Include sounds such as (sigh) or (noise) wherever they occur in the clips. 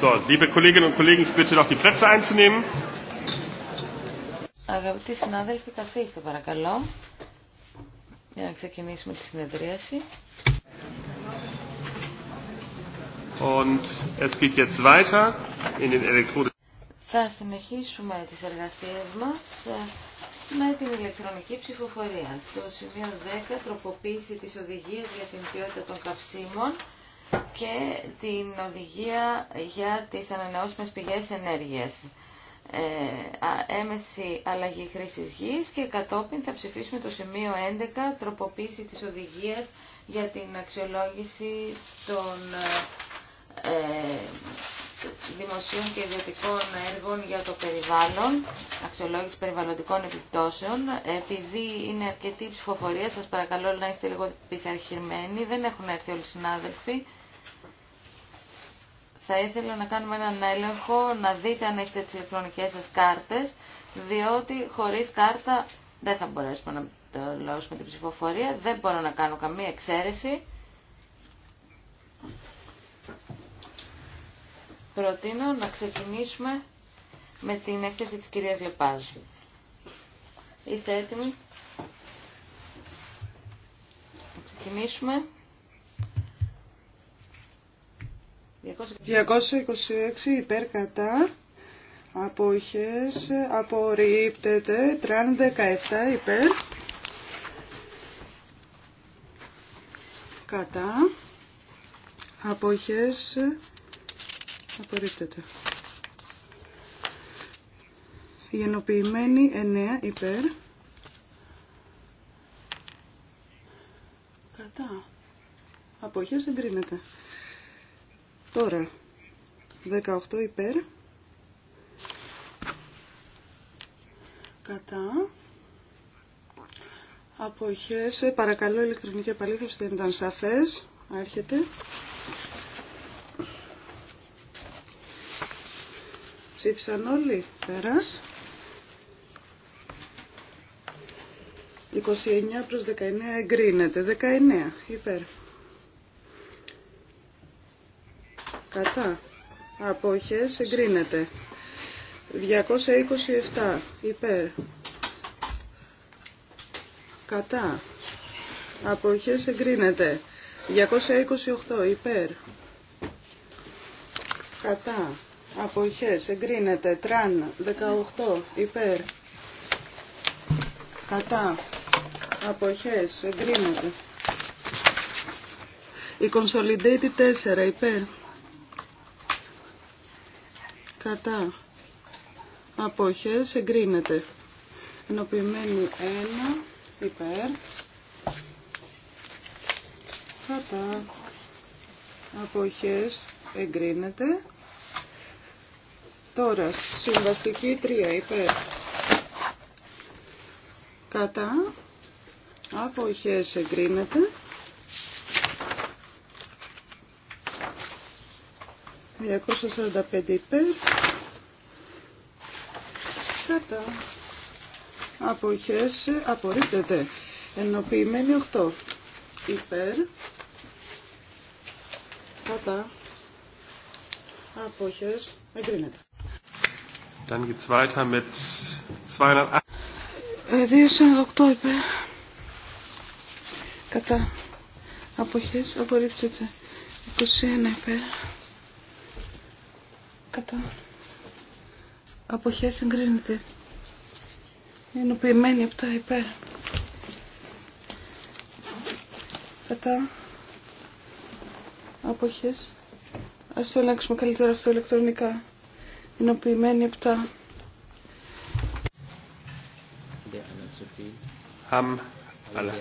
So, Αγαπητοί συνάδελφοι, καθίστε παρακαλώ για να ξεκινήσουμε τη συνεδρίαση. Und es geht jetzt weiter in den Θα συνεχίσουμε τις εργασίες μας ε, με την ηλεκτρονική ψηφοφορία. Το σημείο 10, τροποποίηση της οδηγίας για την ποιότητα των καυσίμων και την οδηγία για τις ανανεώσιμες πηγές ενέργειας. Ε, έμεση αλλαγή χρήσης γης και κατόπιν θα ψηφίσουμε το σημείο 11, τροποποίηση της οδηγίας για την αξιολόγηση των ε, δημοσίων και ιδιωτικών έργων για το περιβάλλον, αξιολόγηση περιβαλλοντικών επιπτώσεων. Επειδή είναι αρκετή ψηφοφορία, σας παρακαλώ να είστε λίγο πειθαρχημένοι, δεν έχουν έρθει όλοι οι συνάδελφοι. Θα ήθελα να κάνουμε έναν έλεγχο, να δείτε αν έχετε τις ηλεκτρονικές σας κάρτες, διότι χωρίς κάρτα δεν θα μπορέσουμε να τελειώσουμε την ψηφοφορία. Δεν μπορώ να κάνω καμία εξαίρεση. Προτείνω να ξεκινήσουμε με την έκθεση της κυρίας Λεπάζου. Είστε έτοιμοι. Να ξεκινήσουμε. 226 υπέρ κατά αποχές απορρίπτεται 317 υπέρ κατά αποχές απορρίπτεται η 9 υπέρ κατά αποχές εγκρίνεται Τώρα, 18 υπέρ. Κατά. Αποχές. Ε, παρακαλώ ηλεκτρονική επαλήθευση δεν ήταν σαφές. Άρχεται. Ψήφισαν όλοι. Πέρας. 29 προς 19 εγκρίνεται. 19 υπέρ. κατά απόχες εγκρίνεται 227 υπέρ κατά απόχες εγκρίνεται 228 υπέρ κατά απόχες εγκρίνεται τραν 18 υπέρ κατά απόχες εγκρίνεται η Consolidated 4 υπέρ κατά απόχες εγκρίνεται. Ενοποιημένη 1 υπέρ κατά απόχες εγκρίνεται. Τώρα συμβαστική 3 υπέρ κατά απόχες εγκρίνεται. 245 υπέρ. Κατά. Αποχές απορρίπτεται. Ενοποιημένη 8 υπέρ. Κατά. Αποχές εγκρίνεται. Dann geht's weiter mit 208 ε, υπέρ. Κατά. Αποχές απορρίπτεται. 21 υπέρ κατά αποχές Είναι Ενοποιημένη από τα υπέρ. Κατά αποχές. Α το ελέγξουμε καλύτερα αυτό ηλεκτρονικά. Ενοποιημένη από τα... Haben alle.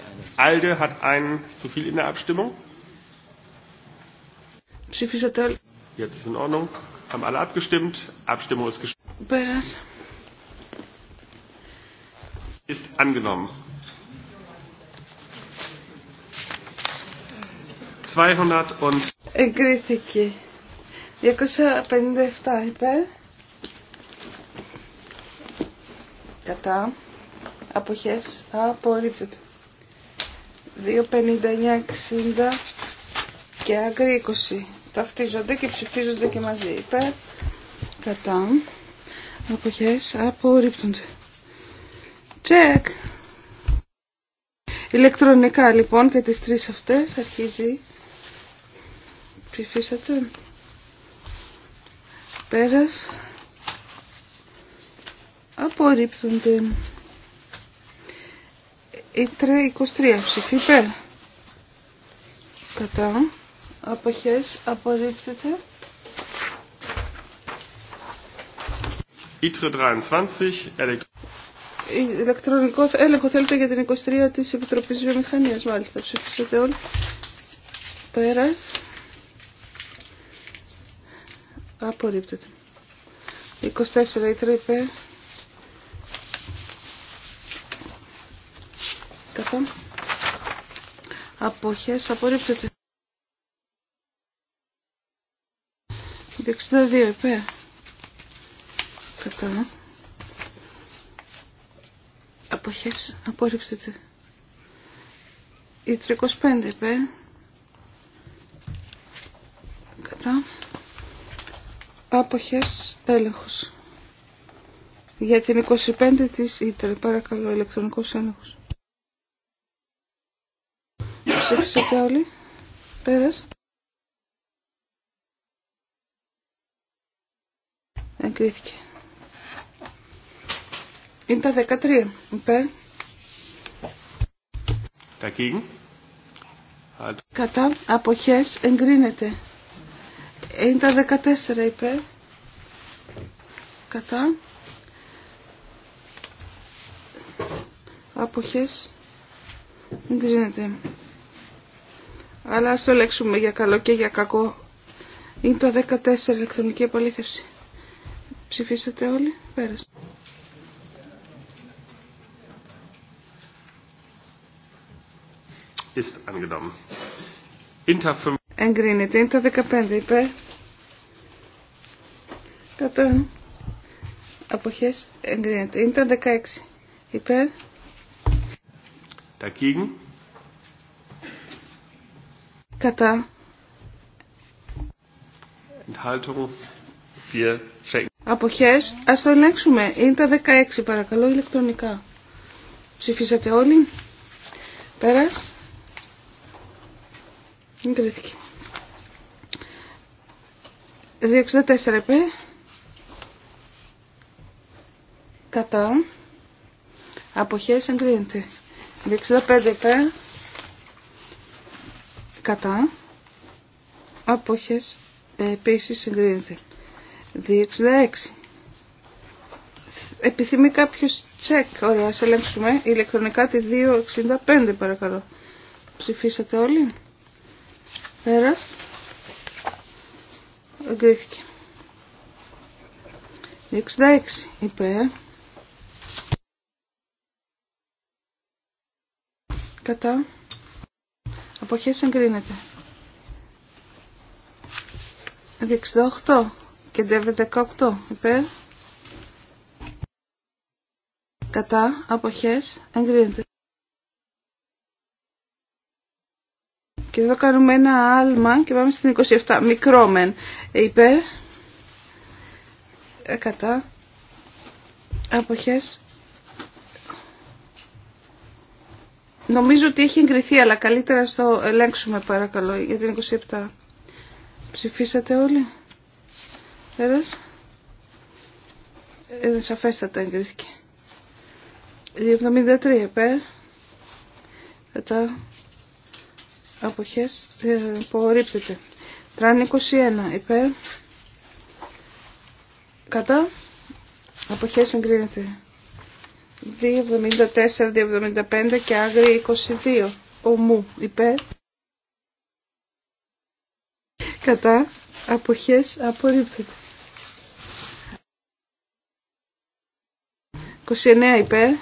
Alde hat einen zu viel in der Abstimmung. Jetzt ist in Ordnung. Haben alle abgestimmt? Abstimmung ist geschlossen. Ist angenommen. 200 und Εγκρίθηκε. 257 είπε. κατα Κατά. Αποχές. Απορρίπτεται. 259-60 και άκρη 20 ταυτίζονται και ψηφίζονται και μαζί υπέρ κατά αποχές απορρίπτονται. Τσεκ! Ηλεκτρονικά λοιπόν και τις τρεις αυτές αρχίζει. Ψηφίσατε. Πέρας. Απορρίπτονται. Ήτρε 23 ψηφίπε. Κατά αποχές απορρίπτεται. ITRE 23. Ηλεκτρονικό έλεγχο θέλετε για την 23 της Επιτροπής Βιομηχανίας μάλιστα. Ψηφίσατε όλοι. Πέρας. Απορρίπτεται. 24 η τρύπε. Κατά. Αποχές απορρίπτεται. 62 π Κατά. Αποχές. Απόρριψτε. Η Η35Π. π Κατά. Άποχες έλεγχος. Για την 25 της ήτρε, παρακαλώ, ηλεκτρονικός έλεγχος. Ψήφισατε όλοι. Πέρας. Είναι τα 13 υπέρ. Dagegen. Κατά αποχές εγκρίνεται. Είναι τα 14 υπέρ. Κατά αποχές εγκρίνεται. Αλλά ας το λέξουμε για καλό και για κακό. Είναι τα 14 ηλεκτρονική επαλήθευση. Ψηφίσατε όλοι. Πέρασε. Ist Εγκρίνεται. Είναι τα 15 υπέρ. Κατά. Αποχές. Εγκρίνεται. Είναι τα 16 υπέρ. Dagegen. Κατά. Enthaltung. Wir Αποχές. Ας το ελέγξουμε. Είναι τα 16 παρακαλώ ηλεκτρονικά. Ψηφίσατε όλοι. Πέρας. Είναι κρίθηκε. 264 επέ. Κατά. Αποχές εγκρίνεται. 265 επέ. Κατά. Αποχές επίσης εγκρίνεται. 266. Επιθυμεί κάποιος τσεκ. Ωραία, ας ελέγξουμε ηλεκτρονικά τη 265 παρακαλώ. Ψηφίσατε όλοι. Πέρας. Εγκρίθηκε. 266 υπέρ. Κατά. Αποχές εγκρίνεται. 268 και δεύτερο 18 υπέρ κατά αποχές εγκρίνεται. Και εδώ κάνουμε ένα άλμα και πάμε στην 27. Μικρόμεν υπέρ ε, κατά αποχές Νομίζω ότι έχει εγκριθεί, αλλά καλύτερα στο ελέγξουμε παρακαλώ για την 27. Ψηφίσατε όλοι. Πέρας. Είναι σαφέστατα εγκρίθηκε. 273 υπέρ. Κατά αποχές που ε, απορρίπτεται. Τραν 21 υπέρ. Κατά αποχές εγκρίνεται. 274, 275 και άγρι 22. Ομού υπέρ. Κατά αποχές απορρίπτεται. 29 υπέρ.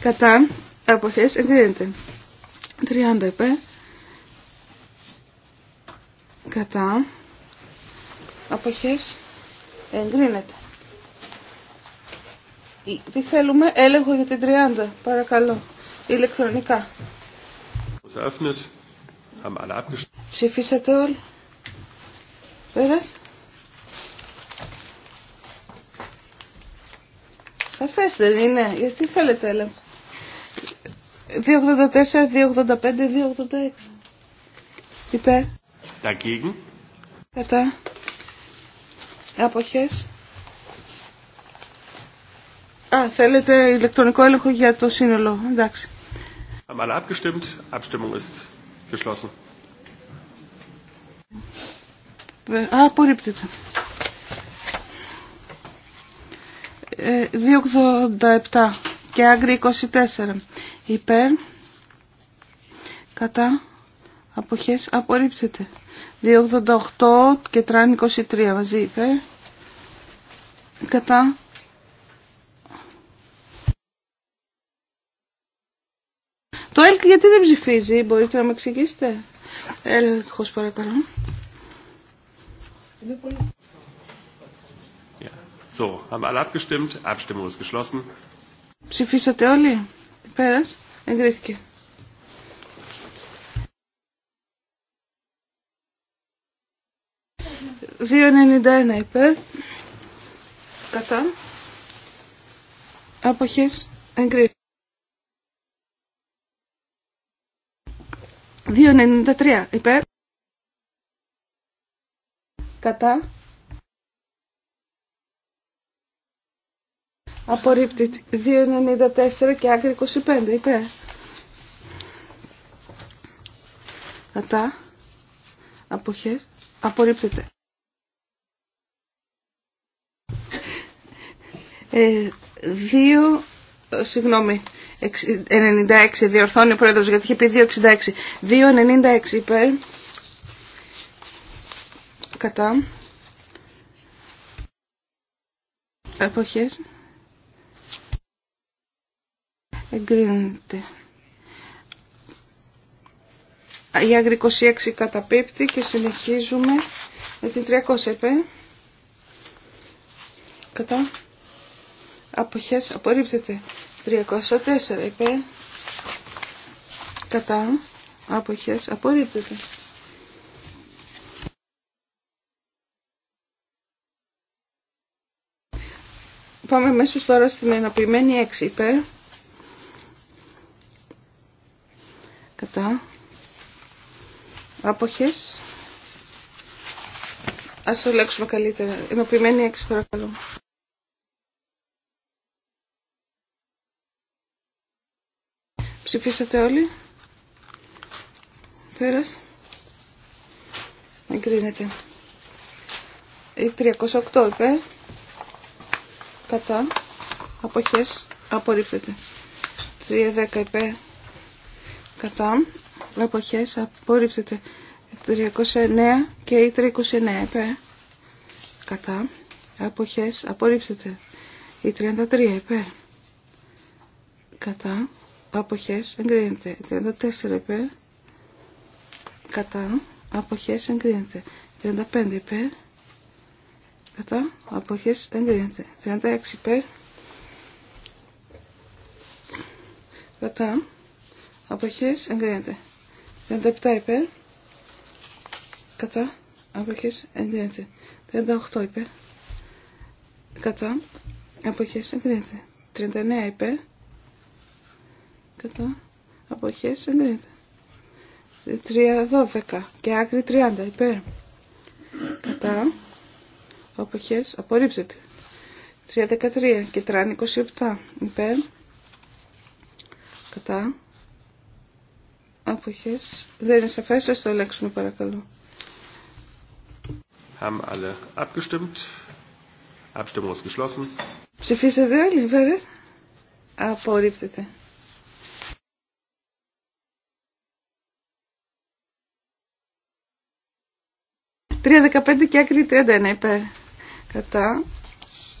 Κατά. Αποχές εγκρίνεται. 30 υπέρ. Κατά. Αποχές εγκρίνεται. Τι θέλουμε, έλεγχο για την 30, παρακαλώ, ηλεκτρονικά. Ψηφίσατε όλοι. Πέρασε. Σαφές δεν είναι. Γιατί θέλετε έλεγχο. 284, 285, 286. Υπέρ. Dagegen. Κατά. Αποχές. Α, θέλετε ηλεκτρονικό έλεγχο για το σύνολο. Εντάξει. Haben alle abgestimmt. Abstimmung ist Α, Απορρίπτεται. 287 ε, και αγρί 24 υπέρ κατά αποχές απορρίπτεται 288 και τράν 23 μαζί υπέρ κατά Το ΕΛΚ γιατί δεν ψηφίζει, μπορείτε να με εξηγήσετε. Έλεγχος παρακαλώ. Είναι πολύ... So, haben alle abgestimmt. Abstimmung ist geschlossen. Ψηφίσατε όλοι. Πέρας. Εγκρίθηκε. Δύο ενενήντα υπέρ. Κατά. Αποχές. Εγκρίθηκε. 2.93 υπέρ κατά Απορρίπτει 2,94 και άκρη 25 Είπε. Κατά. Αποχές. Απορρίπτεται. Ε, δύο, συγγνώμη, 96, διορθώνει ο πρόεδρος γιατί είχε πει 2,66. 2,96 υπέρ. Κατά. Αποχές εγκρίνεται. Η άγρη 26 καταπίπτει και συνεχίζουμε με την 300 επέ. Κατά. Αποχές απορρίπτεται. 304 επέ. Κατά. Αποχές απορρίπτεται. Πάμε μέσω τώρα στην ενοποιημένη 6 υπέρ. κατά άποχες ας λέξουμε καλύτερα ενοποιημένη έξι παρακαλώ ψηφίσατε όλοι πέρας εγκρίνεται η 308 είπε κατά αποχές απορρίπτεται 310 3π κατά αποχές απορρίπτεται 309 και η 329 επέ κατά αποχές απορρίπτεται η 33 επέ κατά αποχές εγκρίνεται 34 επέ κατά εποχές εγκρίνεται 35 επέ κατά εποχές εγκρίνεται 36 επέ κατά αποχές εγκρίνεται. 37 υπέρ κατά αποχές εγκρίνεται. 38 υπέρ κατά αποχές εγκρίνεται. 39 υπέρ κατά αποχές εγκρίνεται. 312 και άκρη 30 υπέρ κατά αποχές απορρίψεται. 313 και τράν 27 υπέρ κατά αποχές δεν είναι σαφέ, στο το ελέγξουμε παρακαλώ. Haben alle abgestimmt. Abstimmung ist geschlossen. Ψηφίσατε όλοι, βέβαια. Απορρίπτεται. Τρία και άκρη τριάντα υπέρ. Κατά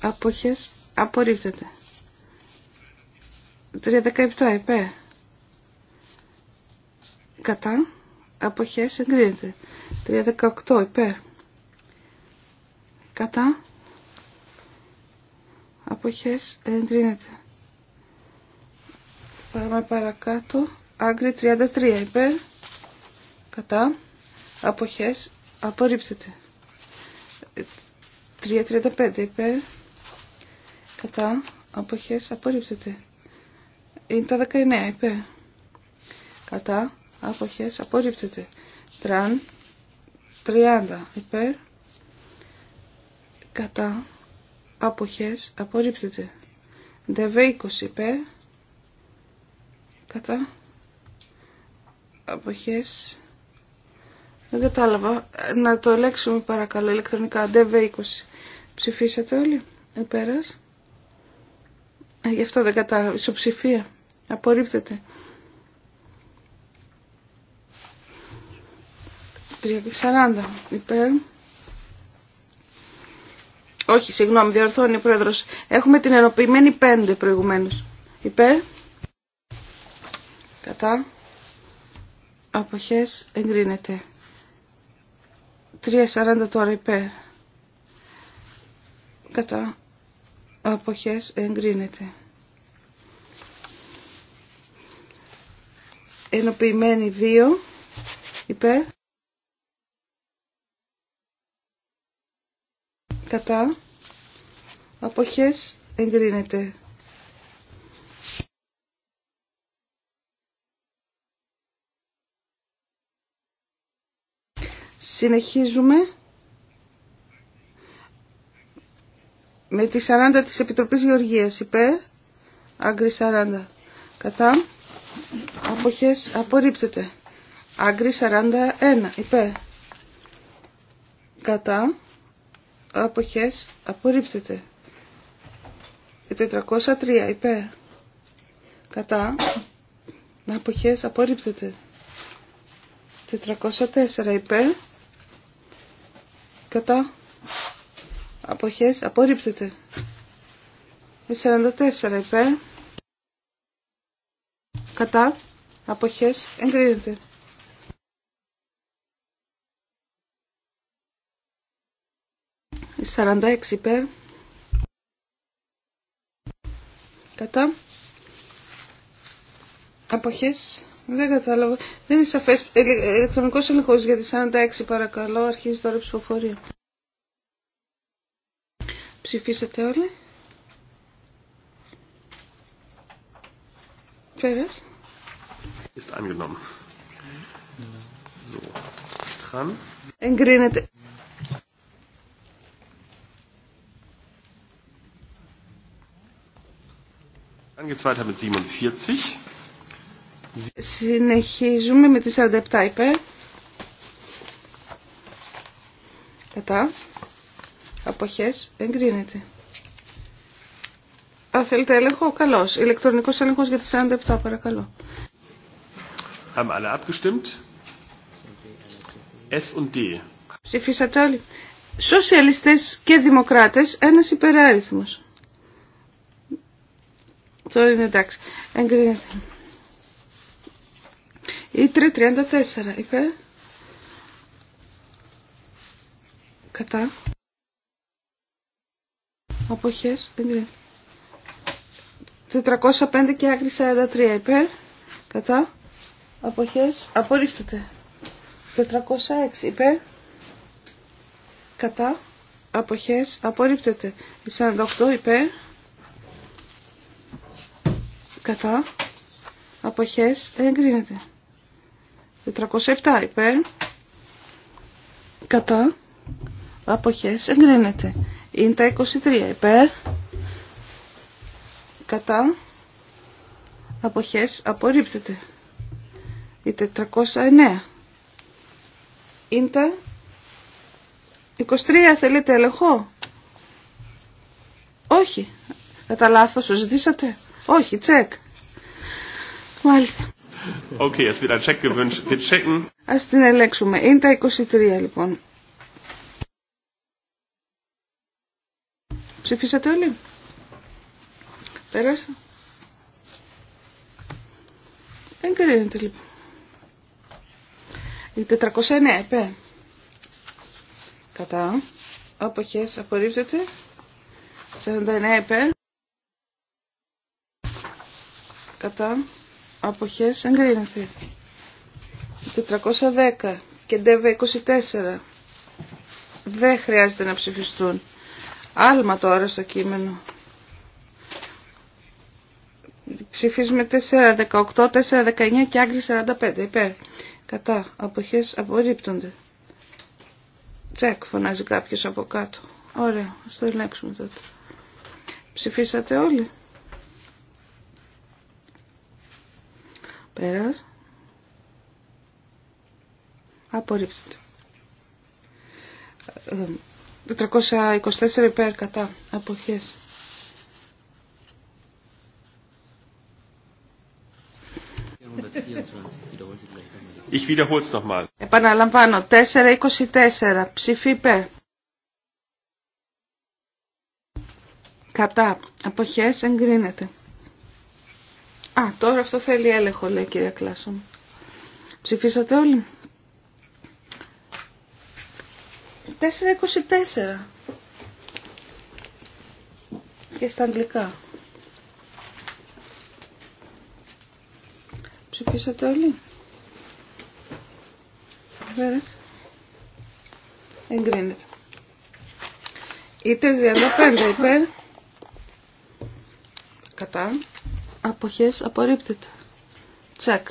αποχές απορρίπτεται. Τρία δεκαεπτά υπέρ κατά αποχές εγκρίνεται 318 υπέρ κατά αποχές εγκρίνεται πάμε παρακάτω άγκρι 33 υπέρ κατά αποχές απορρίπτεται 3.35 υπέρ κατά αποχές απορρίπτεται είναι τα 19 υπέρ κατά αποχές απορρίπτεται. Τραν 30 υπέρ κατά αποχές απορρίπτεται. Δεβέ 20 υπέρ κατά αποχές δεν κατάλαβα. Να το λέξουμε παρακαλώ ηλεκτρονικά. Δεβέ 20. Ψηφίσατε όλοι. Επέρας. Ε, γι' αυτό δεν κατάλαβα. Ισοψηφία. Απορρίπτεται. 40 υπέρ. Όχι, συγγνώμη, διορθώνει ο πρόεδρος. Έχουμε την ενοποιημένη 5 προηγουμένως. Υπέρ. Κατά. Αποχές εγκρίνεται. 3.40 τώρα υπέρ. Κατά. Αποχές εγκρίνεται. Ενοποιημένη 2 υπέρ. κατά αποχές εγκρίνεται. Συνεχίζουμε με τη 40 της Επιτροπής Γεωργίας υπέρ, άγκρι 40, κατά, αποχές απορρίπτεται, άγκρι 41 υπέρ, κατά, αποχές απορρίπτεται. 403 υπέρ κατά αποχές απορρίπτεται. 404 υπέρ κατά αποχές απορρίπτεται. 44 υπέρ κατά αποχές εγκρίνεται. 46 υπέρ. Κατά. Αποχές. Δεν κατάλαβα. Δεν είναι σαφές. Ε, ε, ηλεκτρονικός έλεγχος για τη 46 παρακαλώ. Αρχίζει τώρα η ψηφοφορία. Ψηφίσατε όλοι. Πέρας. Ist angenommen. Εγκρίνεται. Συνεχίζουμε με τη 47 υπέρ. Κατά. Αποχές. Εγκρίνεται. Α, θέλετε έλεγχο. Καλώς. Ηλεκτρονικός έλεγχος για τη 47 παρακαλώ. Haben alle abgestimmt? S und D. Ψηφίσατε όλοι. Σοσιαλιστές και δημοκράτες, ένας υπεράριθμος. Τώρα είναι εντάξει. Εγκρίνεται. Ή 334 υπέρ. Κατά. Αποχές. Εγκρίνεται. 405 και άκρη 43 υπέρ. Κατά. Αποχές. Απορρίφτεται. 406 υπέρ. Κατά. Αποχές. Απορρίπτεται. 48 υπέρ κατά αποχές εγκρίνεται 407 υπέρ κατά αποχές εγκρίνεται είναι τα 23 υπέρ κατά αποχές απορρίπτεται η 409 είναι τα 23 θέλετε έλεγχο όχι κατά λάθος σου ζητήσατε όχι, τσεκ. Μάλιστα. Okay, es Ας την ελέξουμε. Είναι τα 23 λοιπόν. Ψηφίσατε όλοι. Πέρασα. κρίνεται λοιπόν. Η 409 επέ. Κατά. Όποχες απορρίπτεται. 49 επέ. κατά αποχές εγκρίνεται. 410 και ντεβε 24 δεν χρειάζεται να ψηφιστούν. Άλμα τώρα στο κείμενο. Ψηφίζουμε 418, 19 και άγκρι 45. Υπέρ. Κατά. Αποχές απορρίπτονται. Τσεκ φωνάζει κάποιος από κάτω. Ωραία. Ας το ελέγξουμε τότε. Ψηφίσατε όλοι. Πέρας. Απορρίψτε. 424 υπέρ κατά αποχές. Ich wiederhole es nochmal. Επαναλαμβάνω. 424. Ψηφί υπέρ. Κατά. Αποχές εγκρίνεται. Α, τώρα αυτό θέλει έλεγχο, λέει η κυρία Κλάσσο. Ψηφίσατε όλοι. 4.24. Και στα αγγλικά. Ψηφίσατε όλοι. Βέβαια. Εγκρίνεται. Είτε 35 υπέρ. Κατά αποχές απορρίπτεται. Τσακ.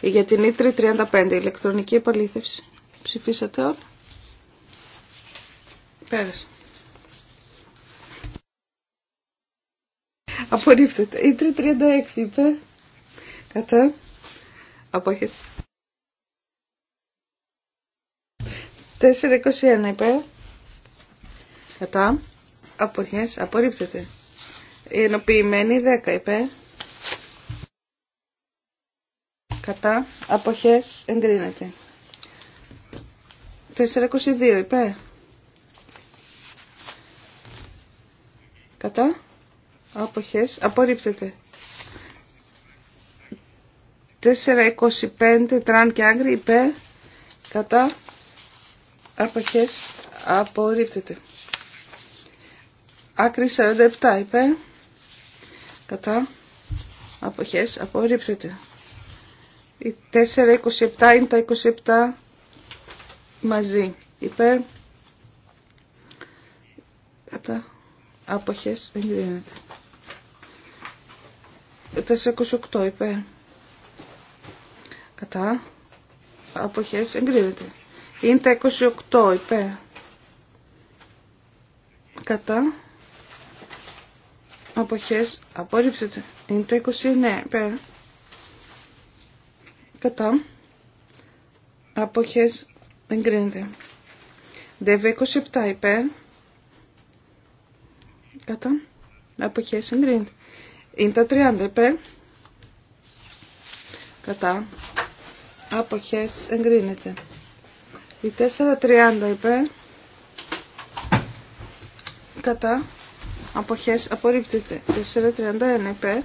Για την Ήτρη 35, ηλεκτρονική επαλήθευση. Ψηφίσατε όλα. Πέρασε. Απορρίπτεται. Ήτρη 36, είπε. Κατά. Αποχές. 4.21 είπε. Κατά. Αποχές. Απορρίπτεται. Η ενοποιημένη 10 είπε κατά αποχές εγκρίνεται. 422 είπε. Κατά αποχές απορρίπτεται. 425 τραν και άγκρι είπε, Κατά αποχές απορρίπτεται. Άκρη 47 είπε, Κατά αποχές απορρίπτεται. Η 4, 27 είναι τα 27 μαζί. Υπέρ. Κατά. Άποχες εγκρίνεται. 428 υπέρ. Κατά. Άποχες εγκρίνεται. Είναι τα 28 υπέρ. Κατά. Αποχές απόρριψετε. Είναι τα 29 υπέρ. Κατά. Αποχές εγκρίνεται. ΔΕΒΕ 27 υπέρ. Κατά. Αποχές εγκρίνεται. Είναι τα 30 υπέρ. Κατά. Αποχές εγκρίνεται. Η 4.30 υπέρ. Κατά. Αποχές απορρίπτεται. 4.31 υπέρ.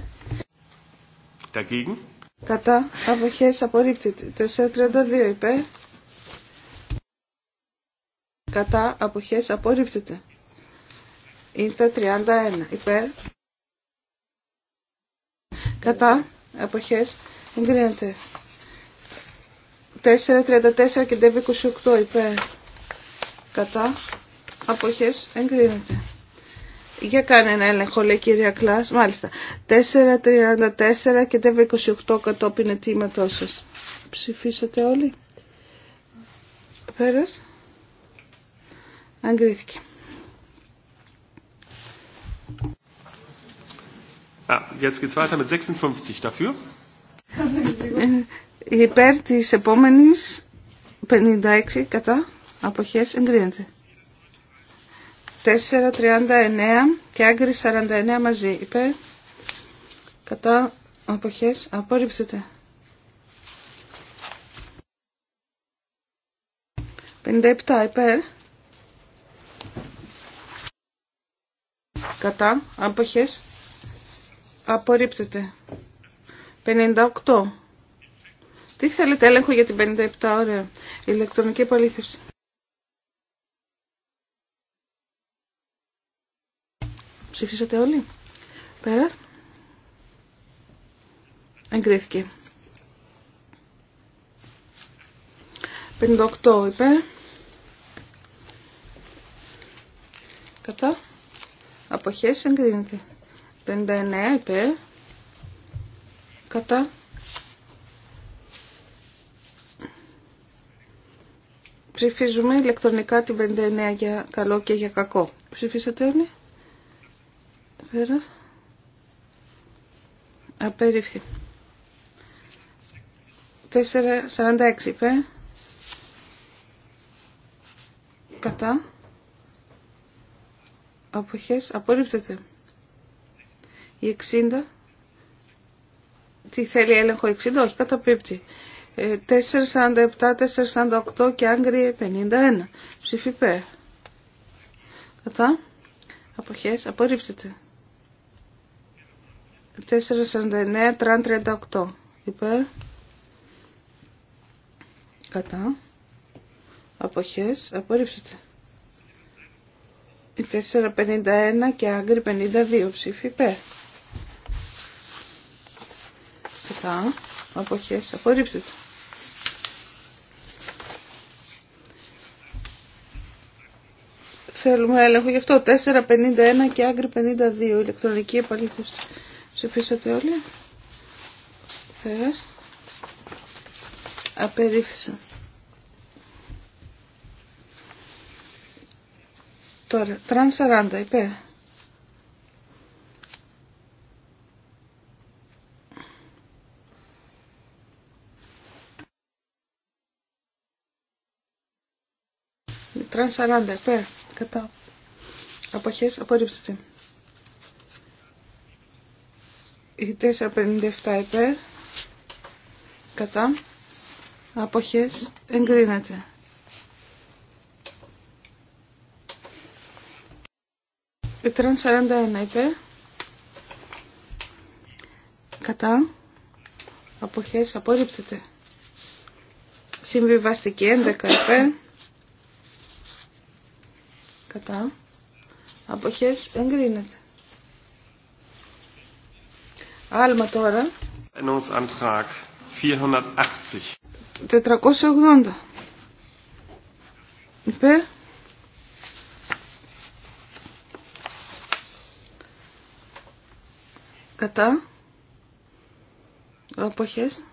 Dagegen κατά αποχές απορρίπτεται 432 υπέρ κατά αποχές απορρίπτεται ήρθε 31 υπέρ κατά αποχές εγκρίνεται 434 και 28 υπέρ κατά αποχές εγκρίνεται για κάνε ένα έλεγχο, λέει η κυρία Κλάς. Μάλιστα. 4.34 και 28 κατόπιν αιτήματό σα. Ψηφίσατε όλοι. Πέρας. Αγκρίθηκε. Ah, jetzt geht's weiter mit 56 dafür. (laughs) Υπέρ της επόμενης 56 κατά αποχές εγκρίνεται. 4.39 και άγκρι 49 μαζί. είπε. Κατά αποχές απόρριψετε. 57 υπέρ. Κατά αποχές απορρίπτεται. 58. Τι θέλετε έλεγχο για την 57 ωραία. Ηλεκτρονική απολύθευση. Ψηφίσατε όλοι. Πέρα. Εγκρίθηκε. 58 είπε. Κατά. Αποχές εγκρίνεται. 59 είπε. Κατά. Ψηφίζουμε ηλεκτρονικά την 59 για καλό και για κακό. Ψηφίσατε όλοι. Πέρας. Απερίφθη. 4.46 είπε. Κατά. Αποχές. Απορρίπτεται. Η 60. Τι θέλει έλεγχο 60. Όχι καταπίπτει. 4.47, ε, 4.48 και άγκρι 51. Ψηφιπέ. Κατά. Αποχές. Απορρίπτεται. 449 τραν 38 υπέρ κατά αποχές απορρίψετε 451 και άγκρι 52 ψήφι υπέρ κατά αποχές απορρίψετε Θέλουμε έλεγχο γι' αυτό. 4.51 και άγκρι 52. Ηλεκτρονική επαλήθευση. Ψηφίσατε όλοι. Πέρας. Απερίφθησαν. Τώρα, τραν 40, υπέρ. Τραν 40, υπέρ. Κατά. Αποχές, απορρίψτε. Η 457 υπέρ. Κατά. Αποχές εγκρίνεται. Η 341 υπέρ. Κατά. Αποχές απορρίπτεται. Συμβιβαστική 11 υπέρ. Κατά. Αποχές εγκρίνεται. Άλμα τώρα. 480. Υπέρ. Κατά. Αποχές.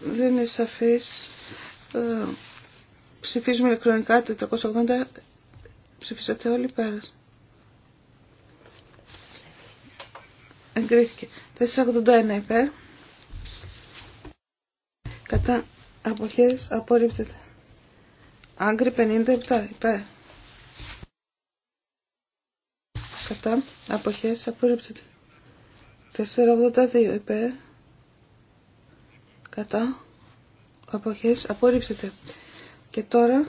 Δεν είναι σαφής. Ε, ψηφίζουμε ηλεκτρονικά 480. Ψηφίσατε όλοι πέρας. συγκρίθηκε. 481 υπέρ. Κατά αποχές απορρίπτεται. Άγκρι 57 υπέρ. Κατά αποχές απορρίπτεται. 482 υπέρ. Κατά αποχές απορρίπτεται. Και τώρα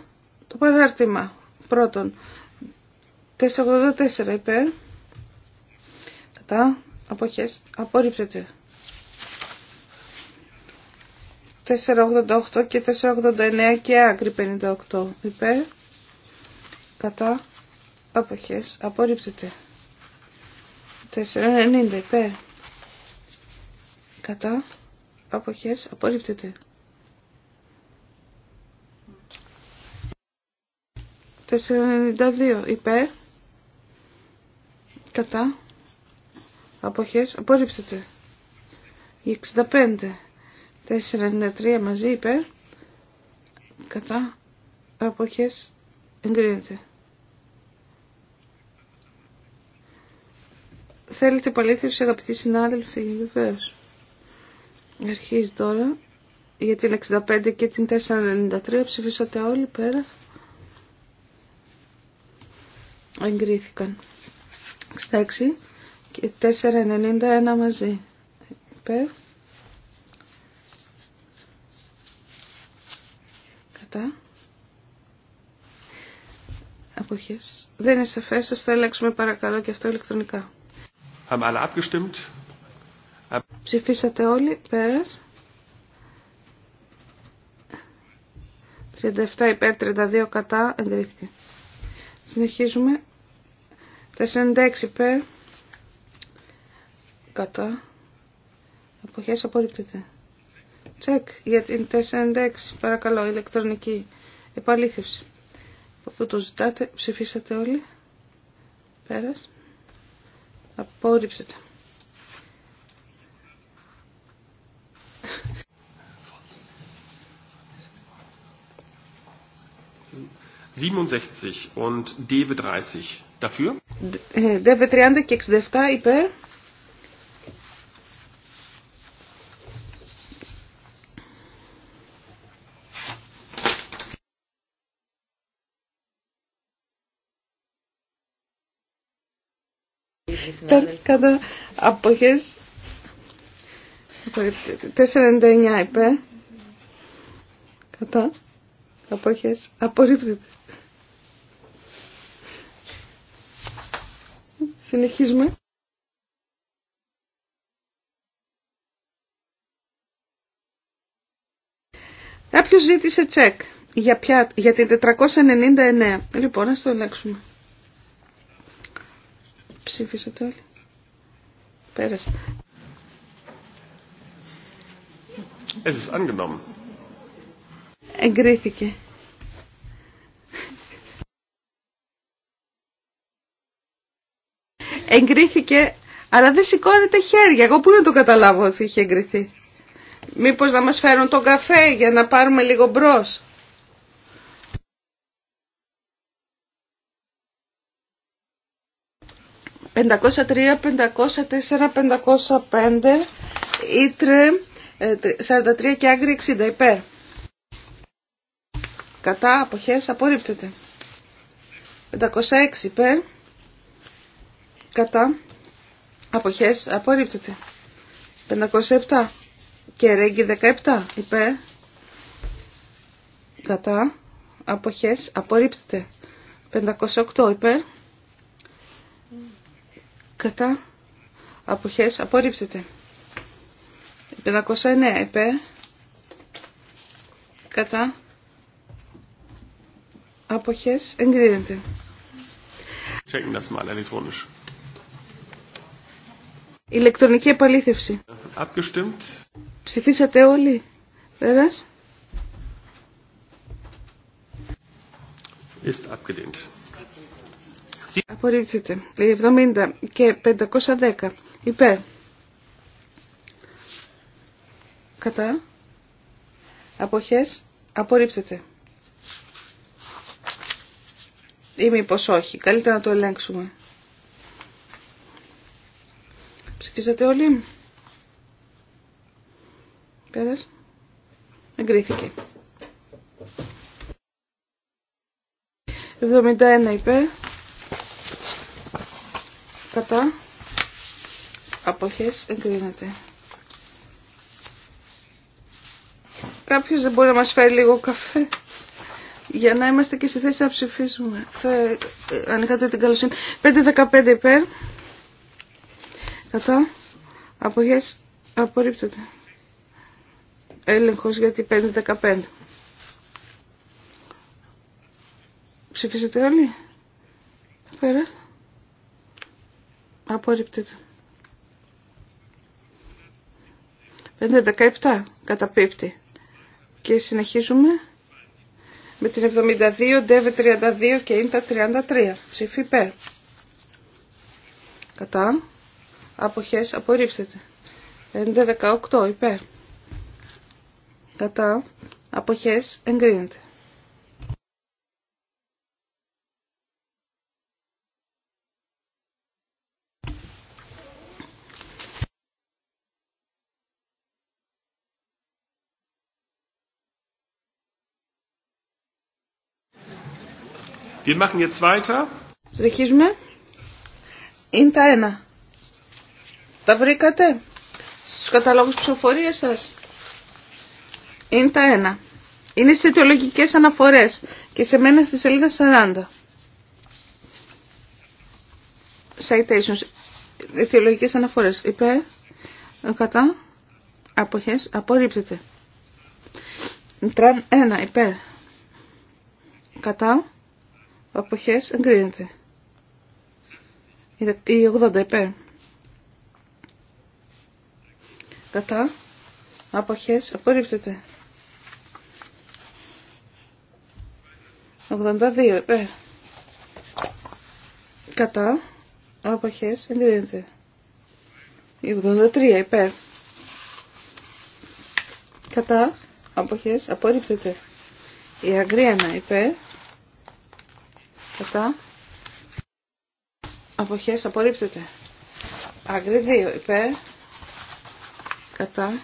το παράρτημα. Πρώτον, 484 υπέρ. Κατά αποχές απορρίπτεται. 488 και 489 και άκρη 58 υπέρ κατά αποχές απορρίπτεται. 490 υπέρ κατά αποχές απορρίπτεται. 492 υπέρ κατά αποχές απορρίψετε. Η 65, 493 μαζί υπέρ, κατά αποχές εγκρίνεται. Θέλετε παλήθευση αγαπητοί συνάδελφοι, βεβαίω. Αρχίζει τώρα για την 65 και την 493 ψηφίσατε όλοι πέρα. Εγκρίθηκαν. 66 και 4,91 μαζί. Υπέρ. Κατά. Αποχές. Δεν είναι σαφές, σας θα ελέγξουμε παρακαλώ και αυτό ηλεκτρονικά. Ψηφίσατε όλοι, πέρας. 37 υπέρ, 32 κατά, εγκρίθηκε. Συνεχίζουμε. 46 υπέρ κατά αποχές απορρίπτεται. Τσεκ για την 4-6 παρακαλώ ηλεκτρονική επαλήθευση. Αφού το ζητάτε ψηφίσατε όλοι. Πέρας. Απόρριψετε. und DB30 dafür. DB30 και 67 υπέρ Κατά αποχές 499 είπε. Κατά αποχές απορρίπτεται. Συνεχίζουμε. Κάποιο ζήτησε τσεκ για, για την 499. Λοιπόν, ας το ελέγξουμε. Ψήφισατε όλοι. Πέρασε. Es Εγκρίθηκε. Εγκρίθηκε, αλλά δεν σηκώνεται χέρια. Εγώ πού να το καταλάβω ότι είχε εγκριθεί. Μήπως να μας φέρουν τον καφέ για να πάρουμε λίγο μπρος. 503, 504, 505, Ήτρε 43 ε, και Άγκρη 60 υπέρ. Κατά αποχές απορρίπτεται. 506 υπέρ. Κατά αποχές απορρίπτεται. 507 και Ρέγγι 17 υπέρ. Κατά αποχές απορρίπτεται. 508 υπέρ κατά αποχές απορρίπτεται. 509 επέ, κατά αποχές εγκρίνεται. das mal elektronisch. Ηλεκτρονική επαλήθευση. Abgestimmt. Ψηφίσατε όλοι. Βέβαια. Ist abgelehnt. Απορρίπτεται. 70 και 510. Υπέρ. Κατά. Αποχές. Απορρίπτεται. Ή μήπως όχι. Καλύτερα να το ελέγξουμε. Ψηφίσατε όλοι. Πέρας. Εγκρίθηκε. 71 υπέρ κατά αποχές εγκρίνεται. Κάποιος δεν μπορεί να μας φέρει λίγο καφέ για να είμαστε και στη θέση να ψηφίσουμε. Θα ε, ανοίχατε την καλοσύνη. 5-15 υπέρ. Κατά. Αποχές απορρίπτεται. Έλεγχος γιατί 5-15. Ψηφίσατε όλοι. Πέρα. Απορρίπτεται. 517 καταπίπτει. Και συνεχίζουμε με την 72, DV32 και ΙΝΤΑ 33. Ψήφι υπέρ. Κατά. Αποχές απορρίπτεται. 518 υπέρ. Κατά. Αποχές εγκρίνεται. Wir machen Συνεχίζουμε. Είναι τα ένα. Τα βρήκατε στους καταλόγους ψηφοφορίας σας. Είναι τα ένα. Είναι σε αιτιολογικές αναφορές και σε μένα στη σελίδα 40. Citations. Αιτιολογικές αναφορές. είπε, Κατά. Αποχές. Απορρίπτεται. Τραν 1. είπε, Κατά αποχές εγκρίνεται. Η 80 υπέρ. Κατά αποχές απορρίπτεται. 82 υπέρ. Κατά αποχές εγκρίνεται. Η 83 υπέρ. Κατά αποχές απορρίπτεται. Η αγκρίανα υπέρ Κατά. Αποχές απορρίπτεται. Άγκρι 2 υπέρ. Κατά.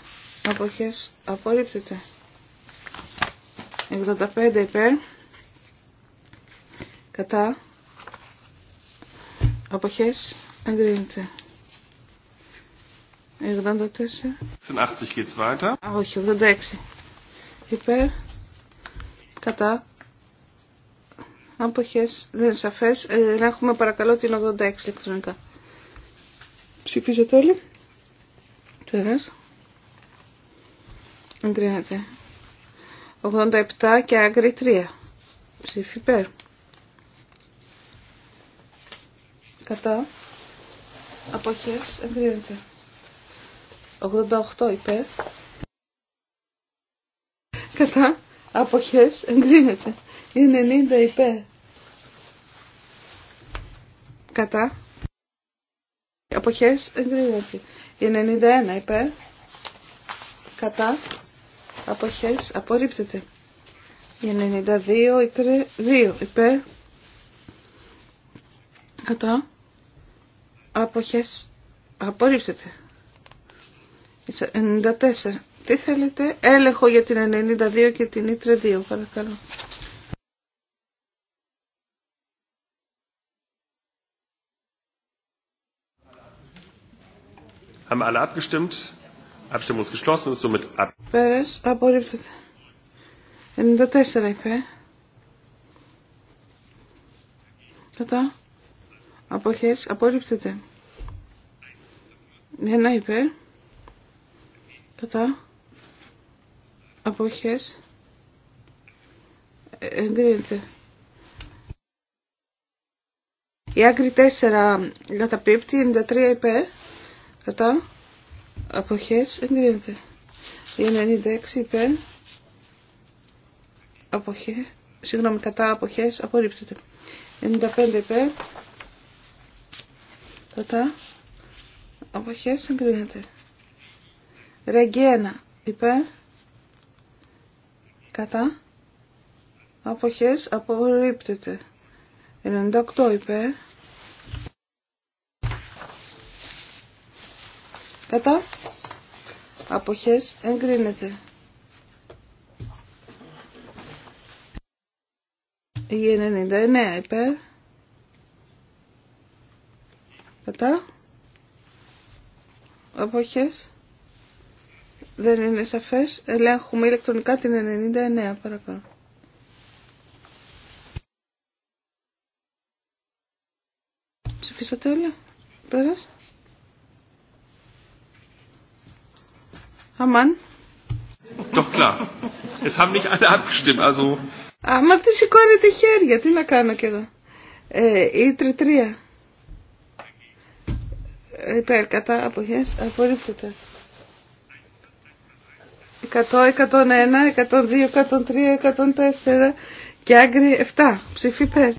Αποχές απορρίπτεται. 85 υπέρ. Κατά. Αποχές εγκρίνεται. 84. 80 geht's weiter. όχι, 86. Υπέρ. Κατά. Αποχές δεν είναι σαφές. Ε, να έχουμε παρακαλώ την 86 ηλεκτρονικά. Ψηφίζετε όλοι. ένας. Εγκρίνεται. 87 και άγκρι 3. Ψήφι υπέρ. Κατά. Αποχές εγκρίνεται. 88 υπέρ. Κατά. Αποχές εγκρίνεται. Είναι 90 υπέρ. Κατά. Αποχές εγκρίνεται. Είναι 91 υπέρ. Κατά. Αποχές απορρίπτεται. Είναι 92 2 υπέρ. Κατά. Αποχές απορρίπτεται. 94. Τι θέλετε, έλεγχο για την 92 και την Ήτρε 2, παρακαλώ. Haben alle abgestimmt? Abstimmung ist geschlossen und somit ab. απορρίπτεται. 94 υπέρ. Κατά. Αποχές, απορρίπτεται. Ένα υπέρ. Κατά. Αποχές. Εγκρίνεται. Η άκρη 4 καταπίπτει, 93 υπέρ. Κατά. Αποχές εγκρίνεται. 96 υπέρ. Αποχέ. Συγγνώμη, κατά αποχές απορρίπτεται. 95 υπέρ. Κατά. Αποχές εγκρίνεται. Ρεγγένα υπέρ. Κατά. Αποχές απορρίπτεται. 98 υπέρ. Κατά. Αποχές εγκρίνεται. Η 99 υπέρ. Κατά. Αποχές. Δεν είναι σαφές. Ελέγχουμε ηλεκτρονικά την 99 παρακαλώ. Ψηφίσατε όλα. Πέρασε. Αμάν. Αμάν τι σηκώνετε χέρια, τι να κάνω κι εγώ. Ε, η τριτρία. Υπέρ, ε, κατά, αποχές, απορρίπτεται. 100, 101, 102, 103, 104 και άγκρι 7. Ψήφι υπέρ.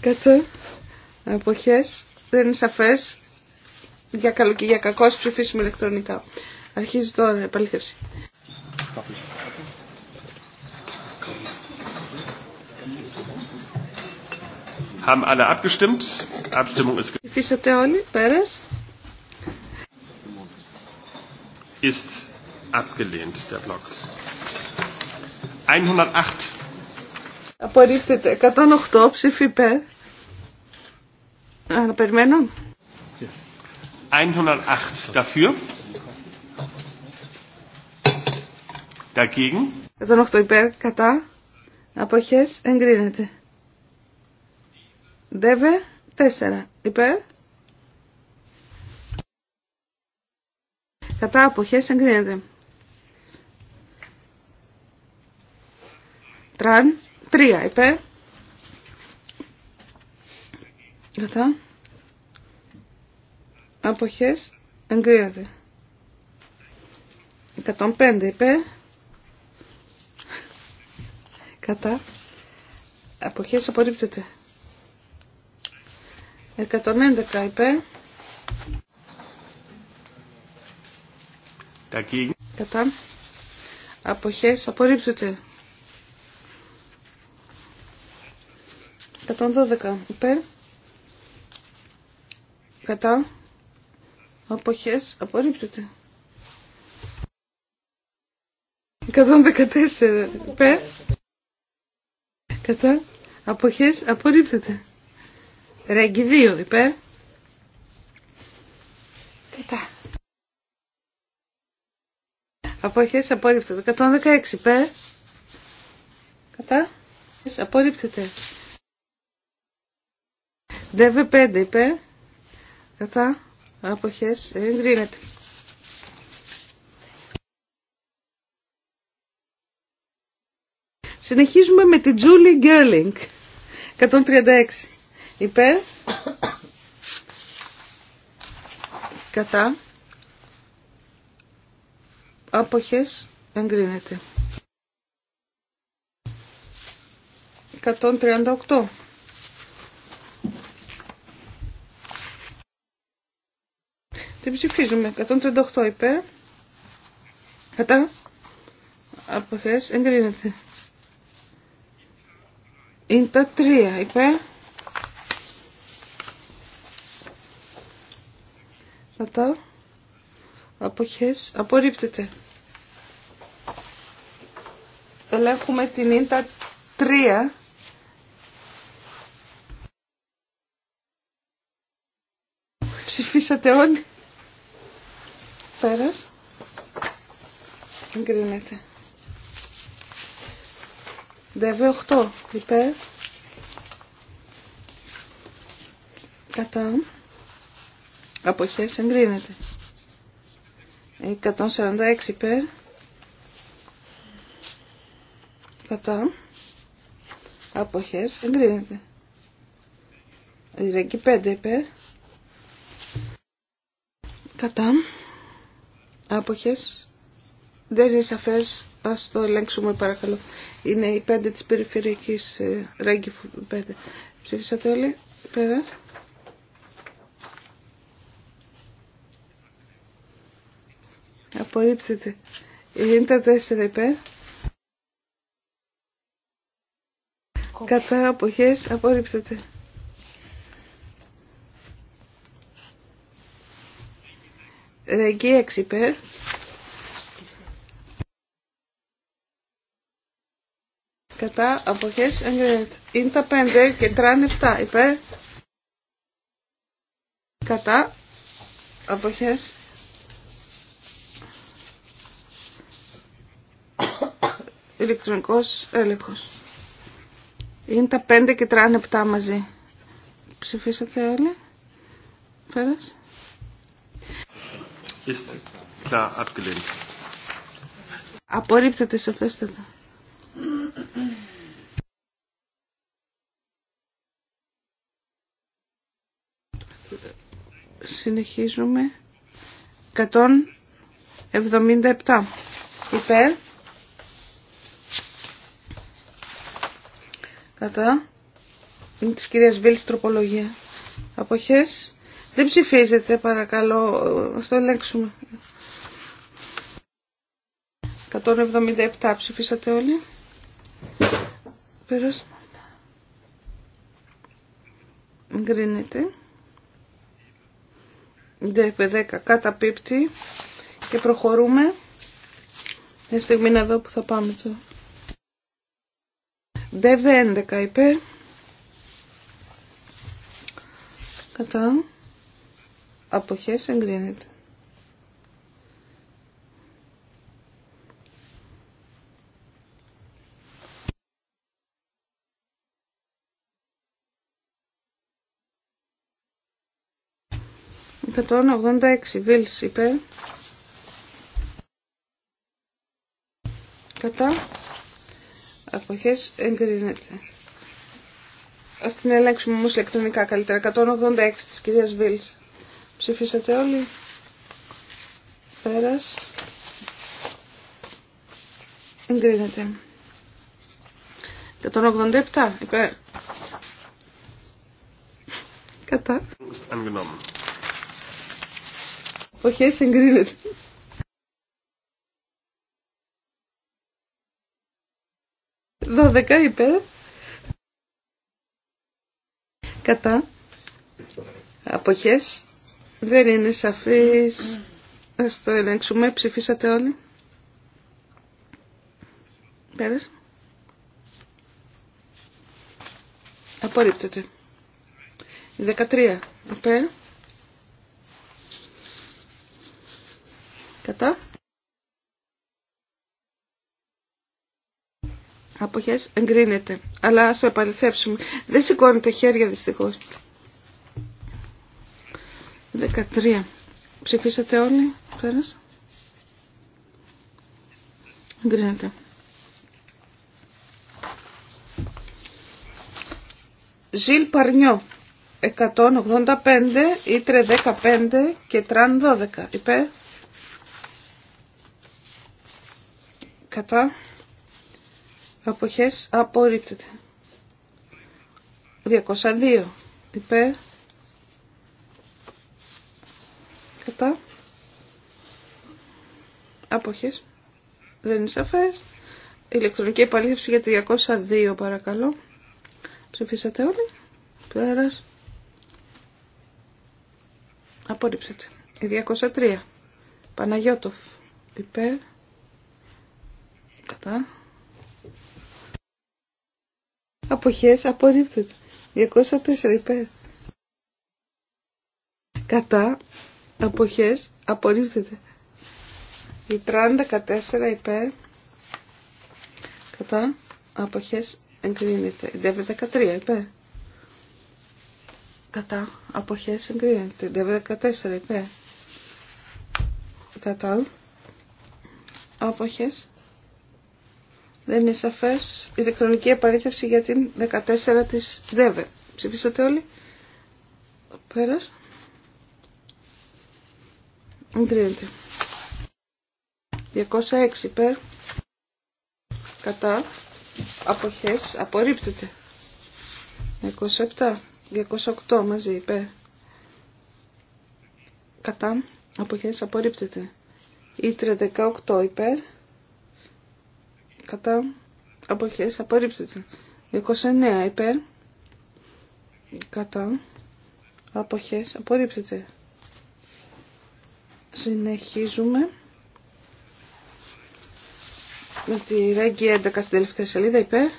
Κατά, αποχές, δεν είναι σαφές, για καλό και για κακό, ας ψηφίσουμε ηλεκτρονικά. Αρχίζει τώρα η επαλήθευση. Haben alle abgestimmt? Abstimmung ist Ψηφίσατε Ist abgelehnt, der Block. 108. Απορρίπτεται. 108 ψήφι υπέρ. Α, περιμένω. 108 dafür. Dagegen. 108 υπέρ, κατά. Αποχές εγκρίνεται. Δεύε 4 υπέρ. Κατά αποχές εγκρίνεται. Τραν 3 υπέρ. Κατά αποχές εγκρίνεται. 105 υπέρ κατά αποχές απορρίπτεται. 111 υπέρ κατά αποχές απορρίπτεται. 112 υπέρ κατά Αποχές απορρίπτεται. 114 υπέρ. Κατά. Αποχές απορρίπτεται. Ρέγγι 2 υπέρ. Κατά. Αποχές απορρίπτεται. 116 πε. κατα Κατά. Απορρίπτεται. ΔΒ5 υπέρ. Κατά. Αποχές εγκρίνεται. Συνεχίζουμε με τη Τζούλι Γκέρλινγκ, 136. Υπέρ. Κατά. Άποχες. Εγκρίνεται. 138. Την ψηφίζουμε. 138 υπέρ. Κατά. Αποχές εγκρίνεται. Είναι τα 3 υπέρ. Κατά. Αποχές απορρίπτεται. Ελέγχουμε την ίντα 3. Ψηφίσατε όλοι. Πέρας. Εγκρίνεται. ΔΕΒΕ 8 υπέρ. Κατά. Αποχές εγκρίνεται. 146 υπέρ. Κατά. Αποχές εγκρίνεται. Ρεκί 5 υπέρ. Κατά. Άποχες. Δεν είναι σαφέ Ας το ελέγξουμε παρακαλώ. Είναι η πέντε της περιφερειακής ρέγγιφου. Ε, 5. Ψήφισατε όλοι. Πέρα. Απορρίπτεται. Είναι τα τέσσερα υπέρ. Κατά αποχές απορρίπτεται. Ρεγγί 6 υπέρ. Κατά αποχές εγκρίνεται. Είναι τα 5 και τράνε 7 υπέρ. Κατά αποχές ηλεκτρονικός έλεγχος. Είναι τα 5 και τράνε 7 μαζί. Ψηφίσατε όλοι. Πέρασε. Ist klar abgelehnt. Απορρίπτεται σαφέστατα. Συνεχίζουμε. 177. Υπέρ. Κατά. Είναι της κυρίας Βίλης τροπολογία. Αποχές. Δεν ψηφίζετε παρακαλώ, ας το ελέγξουμε. 177 ψηφίσατε όλοι. Πέρας. Γκρίνεται. ΔΕΒΕ 10 καταπίπτει και προχωρούμε. Μια στιγμή να δω που θα πάμε τώρα. ΔΕΒΕ 11 είπε. Κατά αποχές εγκρίνεται. Εκατόν Βίλς είπε. Κατά. Αποχές εγκρίνεται. Ας την ελέγξουμε όμως ηλεκτρονικά καλύτερα. 186 της κυρίας Βίλς. Ψηφίσατε όλοι. Πέρας. Εγκρίνεται. 87 υπέρ. Κατά. Όχι, εγκρίνεται. Δώδεκα υπέρ. Κατά. Αποχές δεν είναι σαφής. Ας το ελέγξουμε. Ψηφίσατε όλοι. Πέρασε. Απορρίπτεται. 13. Απέ. Κατά. Αποχές εγκρίνεται. Αλλά ας το επαληθεύσουμε. Δεν σηκώνετε χέρια δυστυχώς. 13. Ψηφίσατε όλοι. Πέρασε. Εγκρίνεται. Ζιλ Παρνιό. 185, Ήτρε 15 και Τραν 12. Υπέρ. Κατά. Αποχές απορρίπτεται. 202. Υπέρ. αυτά. αποχές δεν είναι σαφές ηλεκτρονική επαλήθευση για τη 202 παρακαλώ ψηφίσατε όλοι πέρας απορρίψατε η 203 Παναγιώτοφ υπέρ κατά αποχές απορρίπτεται 204 υπέρ κατά αποχές απορρίπτεται. Η 34 υπέρ κατά αποχές εγκρίνεται. Η 13 υπέρ κατά αποχές εγκρίνεται. Η 14 υπέρ κατά αποχές δεν είναι σαφές ηλεκτρονική επαλήθευση για την 14 της ΔΕΒΕ. Ψηφίσατε όλοι. Πέρας. Ingredient 206 υπέρ. Κατά. Αποχές. Απορρίπτεται. 207. 208 μαζί υπέρ. Κατά. Αποχές. Απορρίπτεται. η 18 υπέρ. Κατά. Αποχές. Απορρίπτεται. 29 υπέρ. Κατά. Αποχές. Απορρίπτεται. Συνεχίζουμε με τη Ρέγγι 11 στην τελευταία σελίδα υπέρ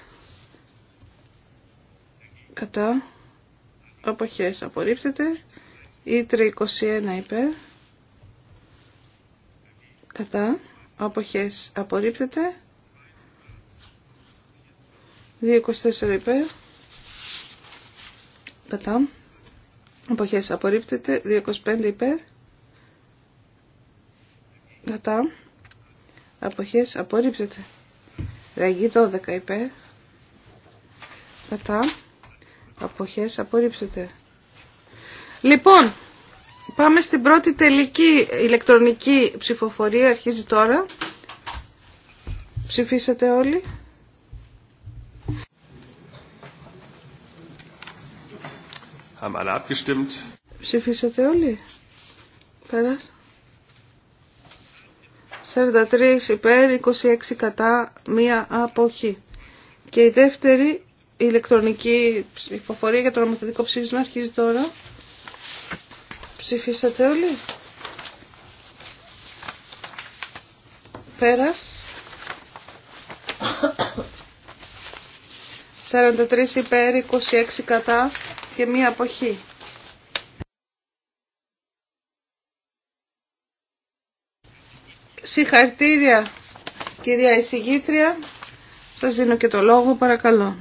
κατά αποχές απορρίπτεται ή 321 υπέρ κατά αποχές απορρίπτεται 2.24 υπέρ κατά αποχές απορρίπτεται 2.25 υπέρ Κατά. Αποχές απορρίψετε. Ραγή 12 ειπέ. Κατά. Αποχές απορρίψετε. Λοιπόν, πάμε στην πρώτη τελική ηλεκτρονική ψηφοφορία. Αρχίζει τώρα. Ψηφίσατε όλοι. Ψηφίσατε όλοι. Πέρασε. 43 υπέρ, 26 κατά, μία αποχή. Και η δεύτερη ηλεκτρονική υποφορία για το νομοθετικό ψήφισμα αρχίζει τώρα. Ψηφίσατε όλοι. Πέρας. 43 υπέρ, 26 κατά και μία αποχή. Συγχαρητήρια κυρία εισηγήτρια. Σας δίνω και το λόγο παρακαλώ.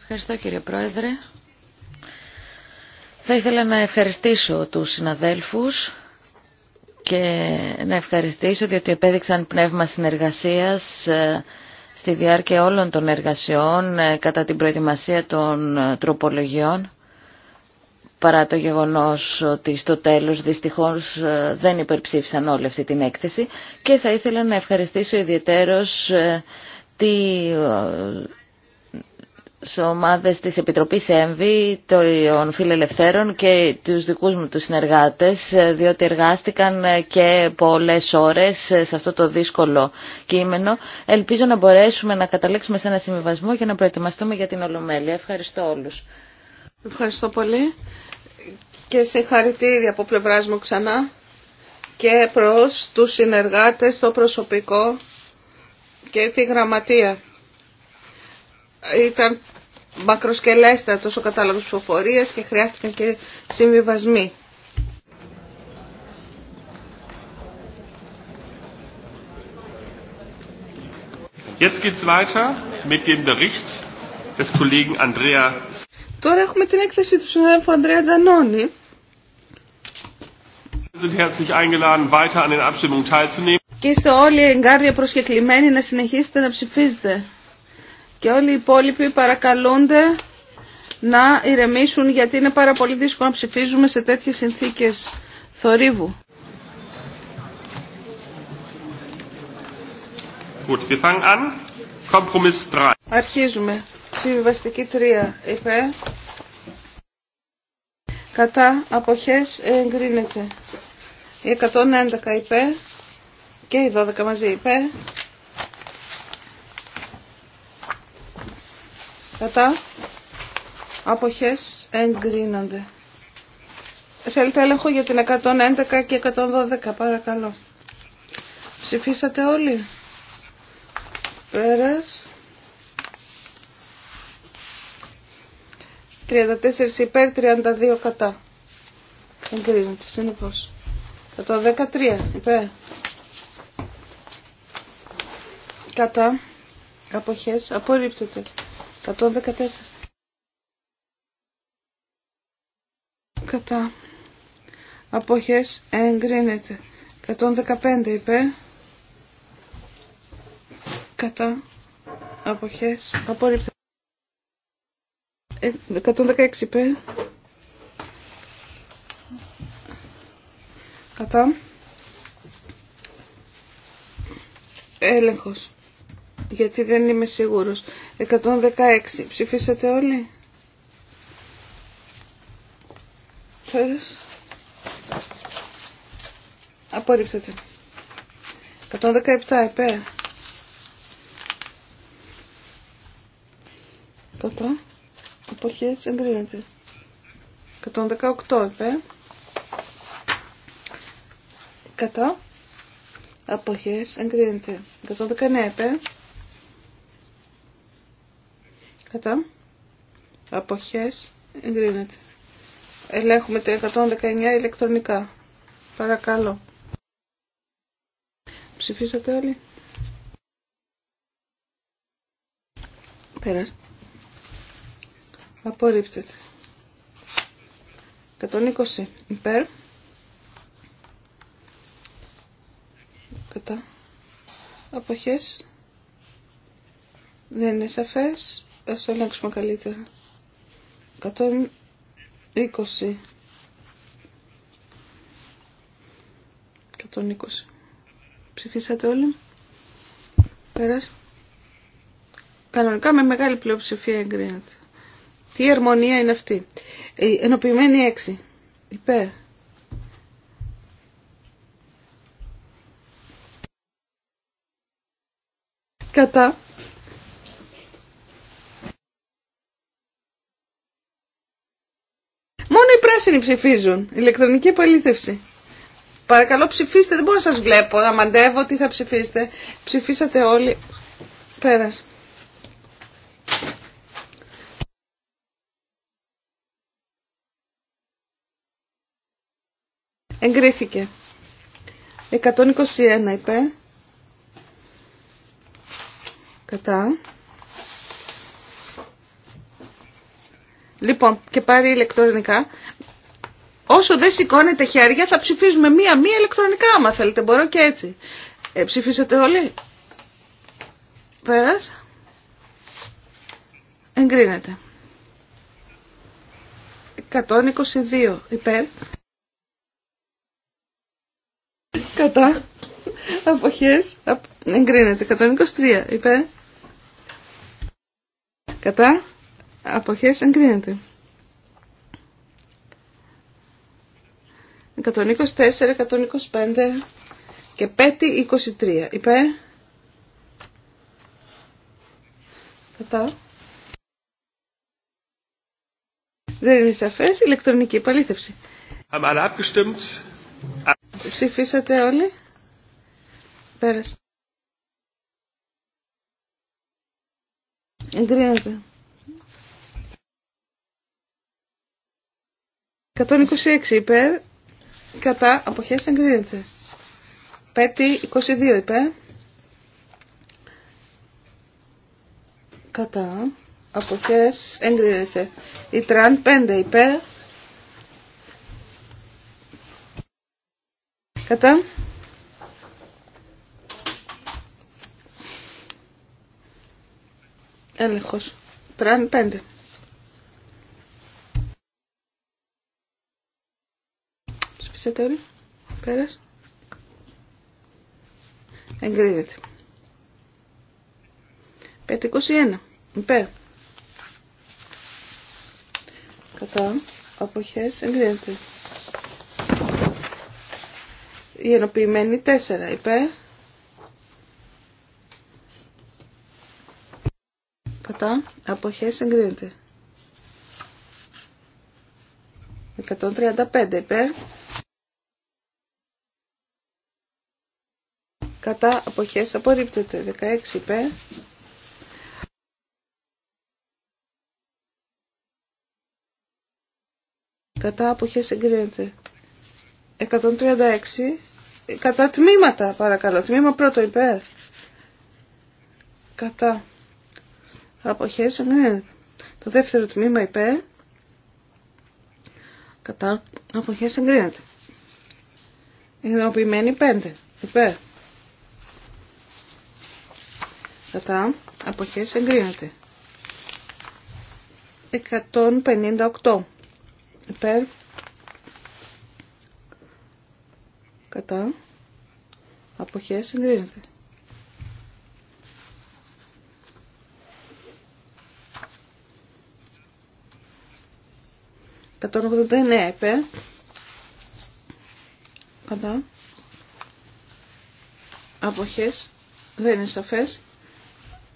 Ευχαριστώ κύριε Πρόεδρε. Θα ήθελα να ευχαριστήσω τους συναδέλφους και να ευχαριστήσω διότι επέδειξαν πνεύμα συνεργασίας ε, στη διάρκεια όλων των εργασιών ε, κατά την προετοιμασία των ε, τροπολογιών παρά το γεγονός ότι στο τέλος δυστυχώς ε, δεν υπερψήφισαν όλη αυτή την έκθεση και θα ήθελα να ευχαριστήσω ιδιαιτέρως ε, τη ε, ομάδες της Επιτροπής ΕΜΒΗ, των Φιλελευθέρων και τους δικούς μου τους συνεργάτες, διότι εργάστηκαν και πολλές ώρες σε αυτό το δύσκολο κείμενο. Ελπίζω να μπορέσουμε να καταλήξουμε σε ένα συμβιβασμό για να προετοιμαστούμε για την Ολομέλεια. Ευχαριστώ όλους. Ευχαριστώ πολύ και συγχαρητήρια από πλευρά μου ξανά και προς τους συνεργάτες, το προσωπικό και τη γραμματεία. Ήταν μακροσκελέστατος ο κατάλογος ψηφοφορίας και χρειάστηκαν και συμβιβασμοί. Jetzt geht's weiter mit dem Bericht des Kollegen Andrea Τώρα έχουμε την έκθεση του συνάδελφου Αντρέα Τζανόνι. Και είστε όλοι εγκάρδια προσκεκλημένοι να συνεχίσετε να ψηφίζετε. Και όλοι οι υπόλοιποι παρακαλούνται να ηρεμήσουν γιατί είναι πάρα πολύ δύσκολο να ψηφίζουμε σε τέτοιες συνθήκες θορύβου. Αρχίζουμε. Συμβιβαστική 3 υπέρ. Κατά αποχές εγκρίνεται. Η 111 υπέρ και η 12 μαζί υπέρ. Κατά αποχές εγκρίνονται. Θέλετε έλεγχο για την 111 και 112 παρακαλώ. Ψηφίσατε όλοι. Πέρας. 34 υπέρ, 32 κατά. Εγκρίνεται, συνεπώς. 113 υπέρ. Κατά. Αποχέ. Απορρίπτεται. 114. Κατά. Αποχές. Εγκρίνεται. 115 υπέρ. Κατά. Αποχές. Απορρίπτεται. 116 π. Κατά. Έλεγχος. Γιατί δεν είμαι σίγουρος. 116. Ψηφίσατε όλοι. Φέρες. Απορρίψατε. 117 επέ Κατά αποχές εγκρίνεται. 118 είπε. Κατά. Αποχές εγκρίνεται. 119 είπε. Κατά. Αποχές εγκρίνεται. Ελέγχουμε τα 119 ηλεκτρονικά. Παρακαλώ. Ψηφίσατε όλοι. Πέρασε. Απορρίπτεται. 120 υπέρ. Κατά. Αποχές. Δεν είναι σαφές. Ας το αλλάξουμε καλύτερα. 120. 120. Ψηφίσατε όλοι. Πέρασε. Κανονικά με μεγάλη πλειοψηφία εγκρίνεται. Τι αρμονία είναι αυτή. Ε, ενοποιημένη έξι. Υπέρ. Κατά. Μόνο οι πράσινοι ψηφίζουν. Ηλεκτρονική επαλήθευση. Παρακαλώ ψηφίστε. Δεν μπορώ να σας βλέπω. Αμαντεύω μαντεύω τι θα ψηφίσετε. Ψηφίσατε όλοι. Πέρασε. Εγκρίθηκε. 121 είπε. Κατά. Λοιπόν, και πάρει ηλεκτρονικά. Όσο δεν σηκώνετε χέρια θα ψηφίζουμε μία-μία ηλεκτρονικά άμα θέλετε. Μπορώ και έτσι. Ε, ψηφίσατε όλοι. Πέρας. Εγκρίνεται. 122 υπέρ κατά αποχές εγκρίνεται. 123 υπέρ κατά αποχές εγκρίνεται. 124, 125 και 5, 23 υπέρ κατά δεν είναι σαφές ηλεκτρονική επαλήθευση. Haben alle Ψηφίσατε όλοι. Πέρασε. Εγκρίνεται. 126 υπέρ, κατά αποχές εγκρίνεται. 522 22 υπέρ, κατά αποχές εγκρίνεται. Η τραν 5 υπέρ, Κατά. Έλεγχος. Τραν πέντε. Ψηφίσατε τώρα, Πέρας. Εγκρίνεται. 521. Υπέρ. Κατά. Αποχές. Εγκρίνεται. Η ενοποιημένη 4 υπέρ. Κατά. Αποχές εγκρίνεται. 135 υπέρ. Κατά αποχές απορρίπτεται. 16 υπέρ. Κατά αποχές εγκρίνεται. 136 Κατά τμήματα, παρακαλώ. Τμήμα πρώτο υπέρ. Κατά. Αποχές, ναι. Το δεύτερο τμήμα υπέρ. Κατά. Αποχές εγκρίνεται. Ενοποιημένη πέντε Υπέρ. Κατά. Αποχές εγκρίνεται. 158. Υπέρ. κατά αποχές Συγκρίνεται. 189. Ναι, επέ. Κατά. Αποχές. Δεν είναι σαφές.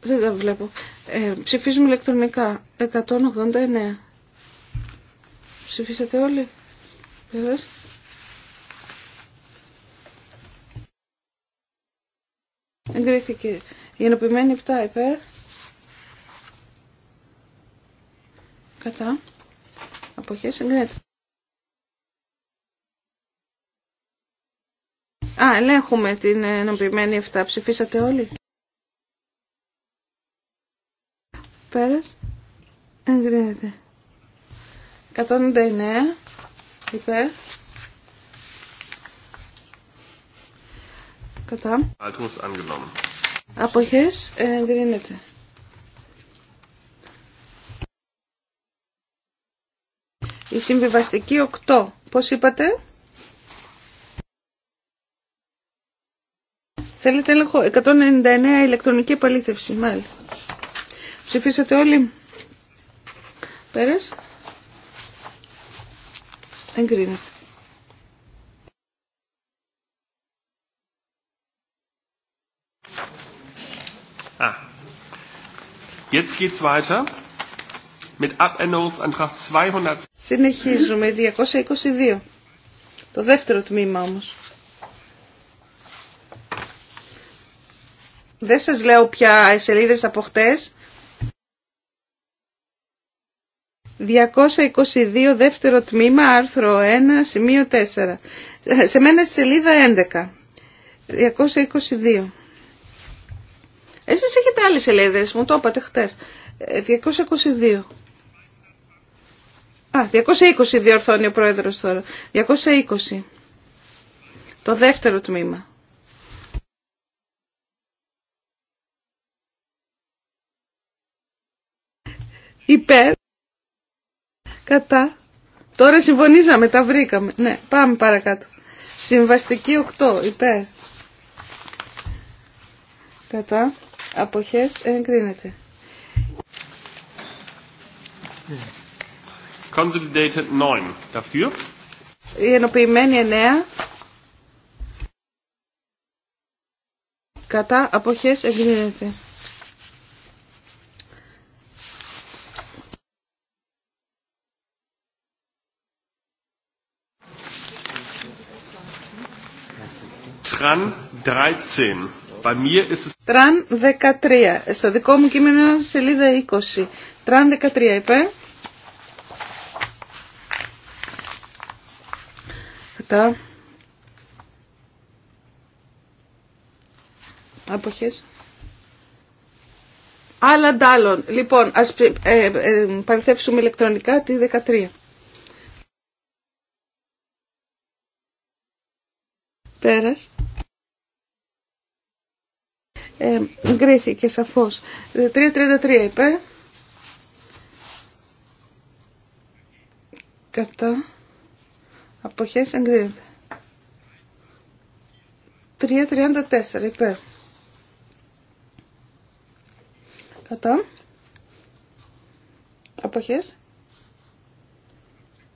Δεν τα βλέπω. Ε, ψηφίζουμε ηλεκτρονικά. 189. Ψηφίσατε όλοι. Βεβαίως. Εγκρίθηκε. Η ενωπημένη 7 υπέρ. Κατά. Αποχές εγκρίνεται. Α, ελέγχουμε την ενωπημένη 7. Ψηφίσατε όλοι. Πέρας. Εγκρίνεται. 199 υπέρ. Κατά. Αποχές ε, εγκρίνεται. Η συμβιβαστική 8. Πώς είπατε? Θέλετε έλεγχο 199 ηλεκτρονική επαλήθευση. Μάλιστα. Ψηφίσατε όλοι. Πέρας. Εγκρίνεται. Jetzt geht's weiter mit Abänderungsantrag 200. Συνεχίζουμε 222. Το δεύτερο τμήμα όμω. Δεν σα λέω πια οι σελίδες από χτες. 222 δεύτερο τμήμα άρθρο 1 σημείο 4. Σε μένα σελίδα 11. 222. Εσείς έχετε άλλες σελίδες, μου το είπατε χτες. 222. Ε, Α, 220 διορθώνει ο πρόεδρος τώρα. 220. Το δεύτερο τμήμα. Υπέρ. Κατά. Τώρα συμφωνήσαμε, τα βρήκαμε. Ναι, πάμε παρακάτω. Συμβαστική 8, υπέρ. Κατά αποχές εγκρίνεται. Consolidated 9. Dafür. Η ενοποιημένη 9. Κατά αποχές εγκρίνεται. Τραν 13. Τραν 13. Στο δικό μου κείμενο σελίδα 20. Τραν 13 είπε. Κατά. Αποχές. Άλλα ντάλλον. Λοιπόν, ας ε, ε, ε παρθέψουμε ηλεκτρονικά τη 13. Πέρας ε, εγκρίθηκε σαφώς. 3.33 ε, υπέρ. Κατά. Αποχές εγκρίθηκε 3.34 υπέρ. Κατά. Αποχές.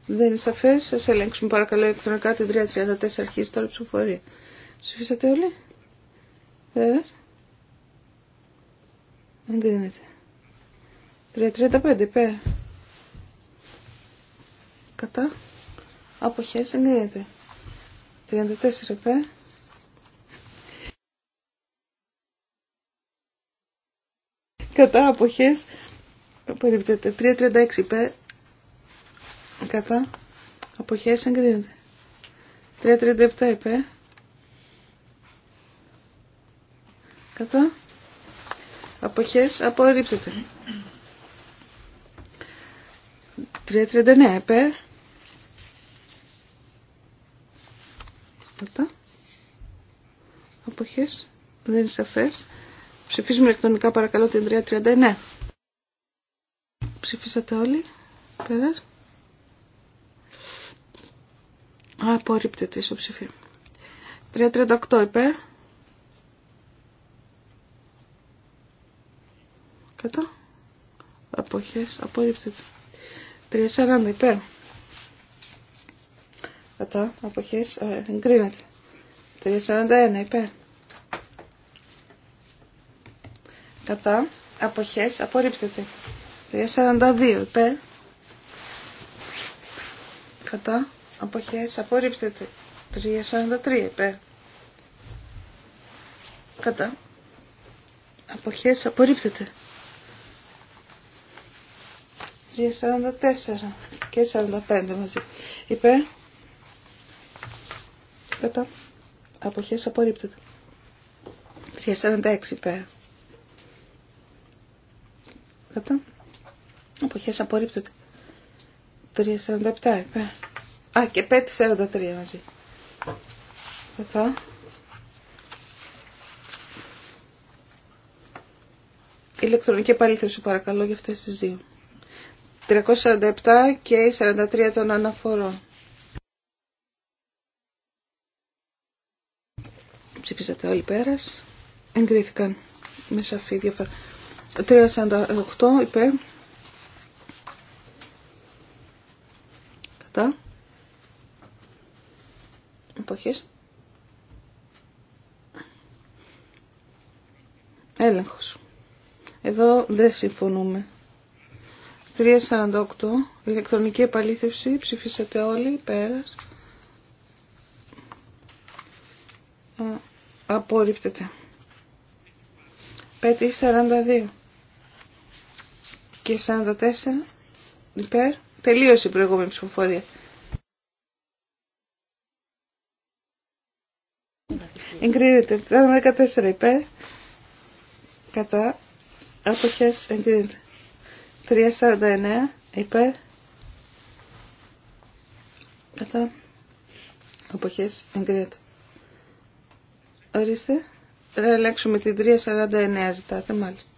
Δεν είναι σαφές. Σας ελέγξουμε παρακαλώ ηλεκτρονικά την 3.34 αρχίζει τώρα ψηφοφορία. Ψηφίσατε όλοι. Βέβαια. Εγκρίνεται. 3.35 πέρα. Κατά. Αποχές εγκρίνεται. 34 πέρα. Κατά αποχές. Περιπτέται. 3.36 υπέρ. Κατά. Αποχές εγκρίνεται. 3.37 339π Κατά αποχές απορρίπτεται. 3.39 πέρ. Αυτά. Αποχές. Δεν είναι σαφές. Ψηφίζουμε ηλεκτρονικά παρακαλώ την 3.39. Ψηφίσατε όλοι. Πέρας. Απορρίπτεται η ισοψηφία. 3.38 υπέρ. Κατά. Αποχές. Απορρίπτεται. 3.40 υπέρ. Κατά. Αποχές. Ε, εγκρίνεται. 3.41 υπέρ. Κατά. Αποχές. Απορρίπτεται. 3.42 υπέρ. Κατά. Αποχές. Απορρίπτεται. 3.43 υπέρ. Κατά. Αποχές. Απορρίπτεται. 344 και 45 μαζί. Είπε, Κατά. Αποχές απορρίπτεται. 346 υπέρ. Κατά. Αποχές απορρίπτεται. 347 υπέρ. Α, και 543 μαζί. Κατά. Ηλεκτρονική επαλήθευση παρακαλώ για αυτές τις δύο. 347 και 43 των αναφορών. Ψηφίσατε όλοι πέρας. Εγκρίθηκαν με σαφή διαφορά. 348 υπέρ. Κατά. Εποχές. Έλεγχος. Εδώ δεν συμφωνούμε. 348, ηλεκτρονική επαλήθευση, ψηφίσατε όλοι, πέρας. Απορρίπτεται. 542 και 44 υπέρ. Τελείωσε η προηγούμενη ψηφοφορία. Εγκρίνεται. 14 υπέρ. Κατά. Αποχές εγκρίνεται. 349 υπέρ κατά εποχές εγκρίνεται. Ορίστε, θα ελέγξουμε την 349 ζητάτε μάλιστα.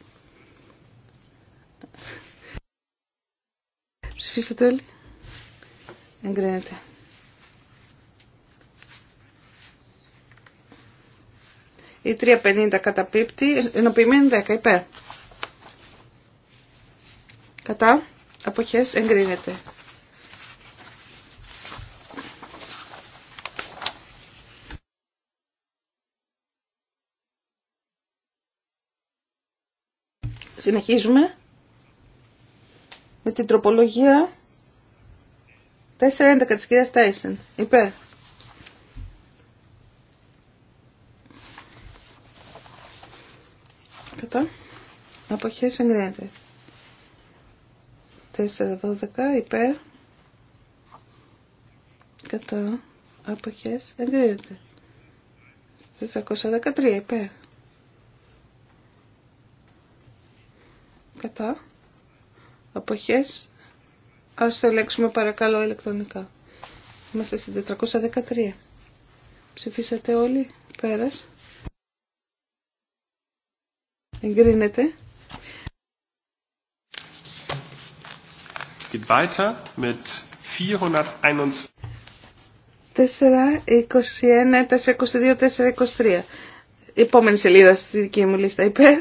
Ψηφίσατε όλοι. Εγκρίνεται. Η 350 καταπίπτει, ενωπημένη 10 υπέρ. Κατά. Αποχές εγκρίνεται. Συνεχίζουμε με την τροπολογία 411 της κυρίας Τάισεν. Υπέρ. Κατά. Αποχές εγκρίνεται. 4-12 υπέρ κατά αποχές εγκρίνεται 413 υπέρ κατά αποχές ας το ελέγξουμε παρακαλώ ηλεκτρονικά είμαστε στην 413 ψηφίσατε όλοι πέρας εγκρίνεται 4, 21, 4, 22, 4, 23. Επόμενη σελίδα στη δική μου λίστα υπέρ.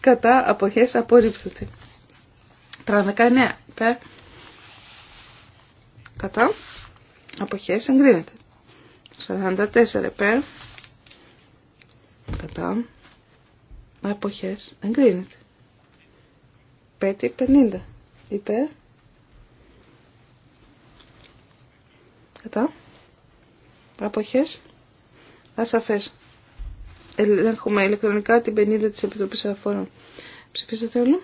Κατά απόχέ απορρίπτωται. 39 υπέρ. Κατά αποχέ εγκρίνεται. 44 υπέρ. Κατά αποχές εγκρίνεται. 5.50 50. Υπέρ. Κατά. Αποχές. Ασαφές. Ελέγχουμε ηλεκτρονικά την 50 της Επιτροπής Αφόρων. Ψηφίσατε όλο.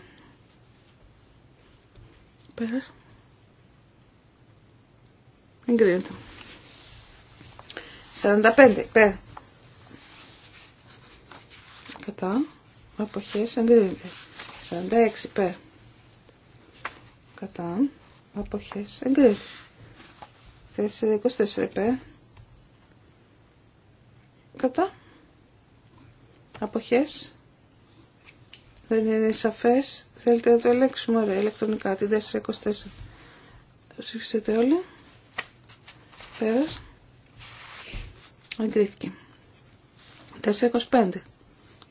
Πέρα. Εγκρίνεται. 45. Υπέρ. Κατά. Αποχές. Εγκρίνεται. 46 υπέρ. Κατά. Αποχές. Εγκρίνεται. 24 υπέρ. Κατά. Αποχές. Δεν είναι σαφές. Θέλετε να το ελέγξουμε. Ωραία. Ηλεκτρονικά. Την 424. Ψήφισετε όλοι. Πέρας. Εγκρίθηκε. 425.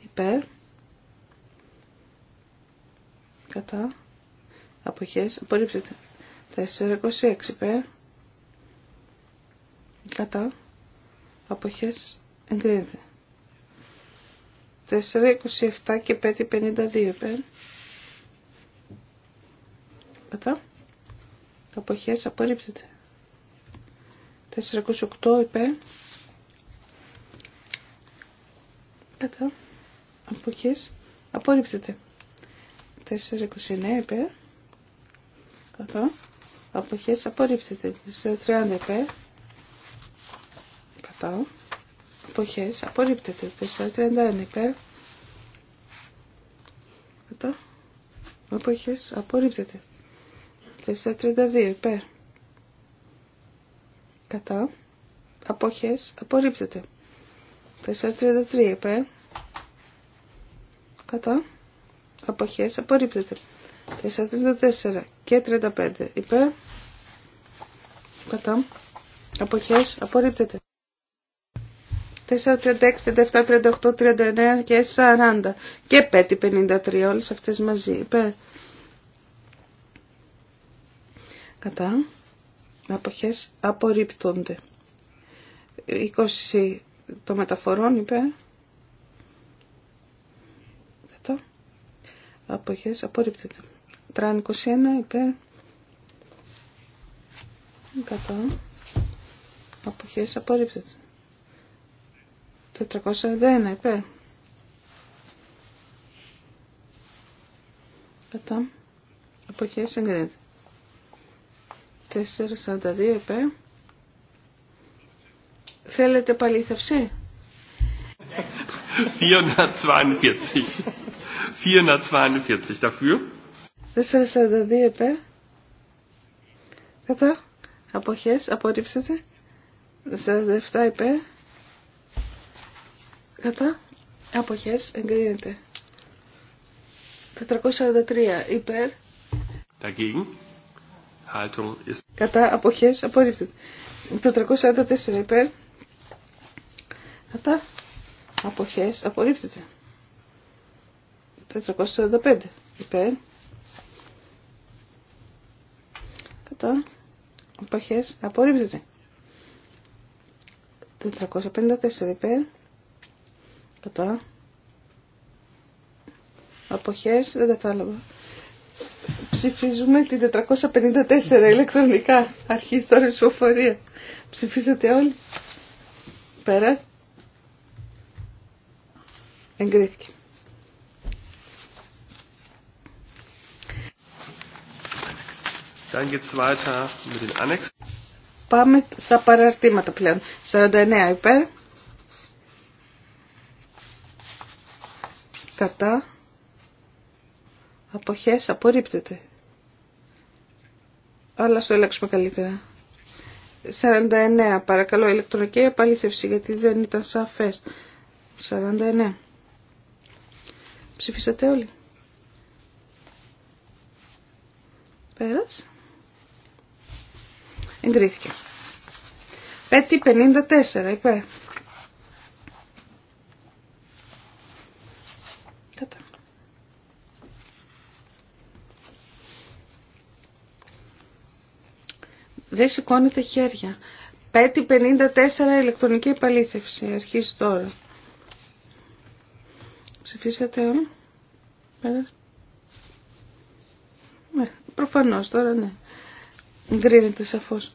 Υπέρ κατά αποχές απορρίπτεται 426 υπέρ κατά αποχές εγκρίνεται 427 και 552 υπέρ κατά αποχές απορρίπτεται 408 υπέρ κατά αποχές απορρίπτεται 429 επέ. Κατά. Αποχές απορρίπτεται. 430 επε Κατά. Αποχές απορρίπτεται. 431 επε Κατά. Αποχές απορρίπτεται. 432 επέ. Κατά. Αποχές απορρίπτεται. 433 επέ. Κατά αποχές απορρίπτεται. 44 και 35 Είπε. κατά αποχές απορρίπτεται. 4, 36, 37, 38, 39 και 40 και 5, 53 όλες αυτές μαζί Είπε. κατά αποχές απορρίπτονται. 20 το μεταφορών είπε. αποχές απορρίπτεται. Τραν 21 υπέρ 100. αποχές απορρίπτεται. 441 υπέρ 100. αποχές εγκρίνεται. 442 υπέρ Θέλετε παλήθευση. 442. (laughs) 442 dafür. επέ. Κατά. Αποχές. Απορρίψετε. 47 επέ. Κατά. Αποχές. Εγκρίνεται. 443 υπέρ. Dagegen. Haltung ist... Κατά. Αποχές. Απορρίψετε. 444 υπέρ. Κατά. Αποχές. Απορρίψετε. 445 υπέρ κατά αποχές απορρίπτεται 454 υπέρ κατά αποχές δεν κατάλαβα ψηφίζουμε την 454 ηλεκτρονικά αρχίζει τώρα η σοφορία. ψηφίσατε όλοι πέρας εγκρίθηκε Πάμε στα παραρτήματα πλέον. 49 υπέρ. Κατά. Αποχές απορρίπτεται. Αλλά στο έλεξουμε καλύτερα. 49. Παρακαλώ ηλεκτρονική επαλήθευση γιατί δεν ήταν σαφές. 49. Ψηφίσατε όλοι. Πέρασε. Εγκρίθηκε. 5.54 54 είπε. Δεν σηκώνεται χέρια. 5.54 54 ηλεκτρονική επαλήθευση. Αρχίζει τώρα. Ψηφίσατε όλοι. Πέρασε. Ναι, προφανώς τώρα ναι. Γκρίνεται σαφώς.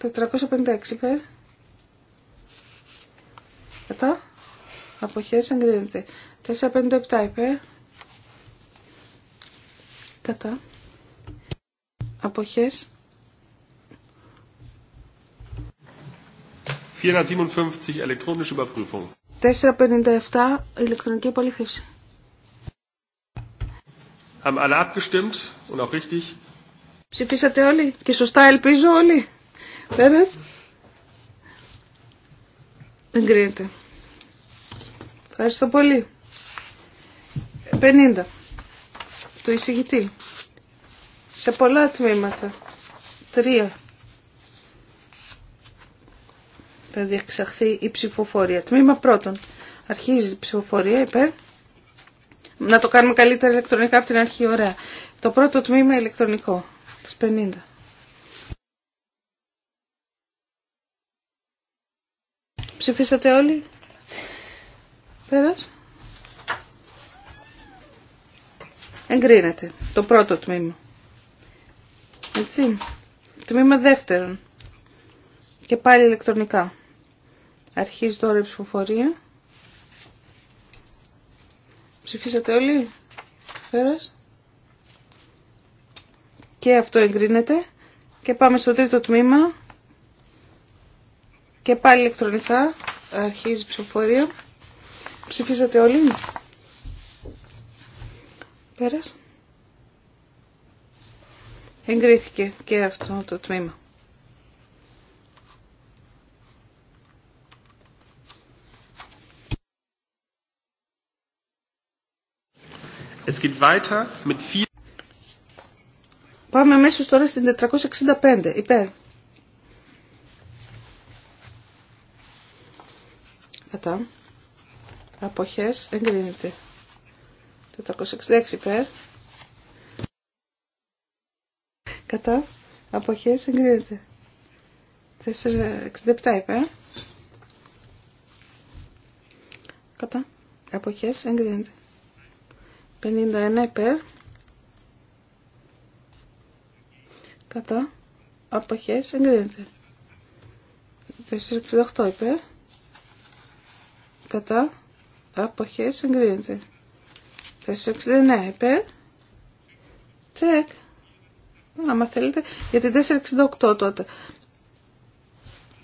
456 υπέρ. Κατά. Αποχές εγκρίνεται. 457 υπέρ. Κατά. Αποχές. 457 ηλεκτρονική überprüfung. 457 ηλεκτρονική επαλήθευση. Haben alle abgestimmt und auch richtig. Ψηφίσατε όλοι και σωστά ελπίζω όλοι. Πέρας. Δεν Ευχαριστώ πολύ. 50. το εισηγητή. Σε πολλά τμήματα. Τρία. Θα διεξαχθεί η ψηφοφορία. Τμήμα πρώτον. Αρχίζει η ψηφοφορία υπέρ. Να το κάνουμε καλύτερα ηλεκτρονικά από την αρχή. Ωραία. Το πρώτο τμήμα ηλεκτρονικό. 50. Ψηφίσατε όλοι. Πέρας. Εγκρίνεται το πρώτο τμήμα. Έτσι. Τμήμα δεύτερον. Και πάλι ηλεκτρονικά. Αρχίζει τώρα η ψηφοφορία. Ψηφίσατε όλοι. Πέρας. Και αυτό εγκρίνεται. Και πάμε στο τρίτο τμήμα. Και πάλι ηλεκτρονικά αρχίζει η ψηφοφορία. Ψηφίσατε όλοι. Πέρασε. Εγκρίθηκε και αυτό το τμήμα. Es Πάμε αμέσως τώρα στην 465. Υπέρ. Κατά. Αποχές εγκρίνεται. 466 υπέρ. Κατά. Αποχές εγκρίνεται. 467 υπέρ. Κατά. Αποχές εγκρίνεται. 51 υπέρ. κατά αποχές εγκρίνεται. 468 είπε. κατά αποχές εγκρίνεται. 469 είπε. τσεκ άμα θέλετε θέλετε 468 τότε.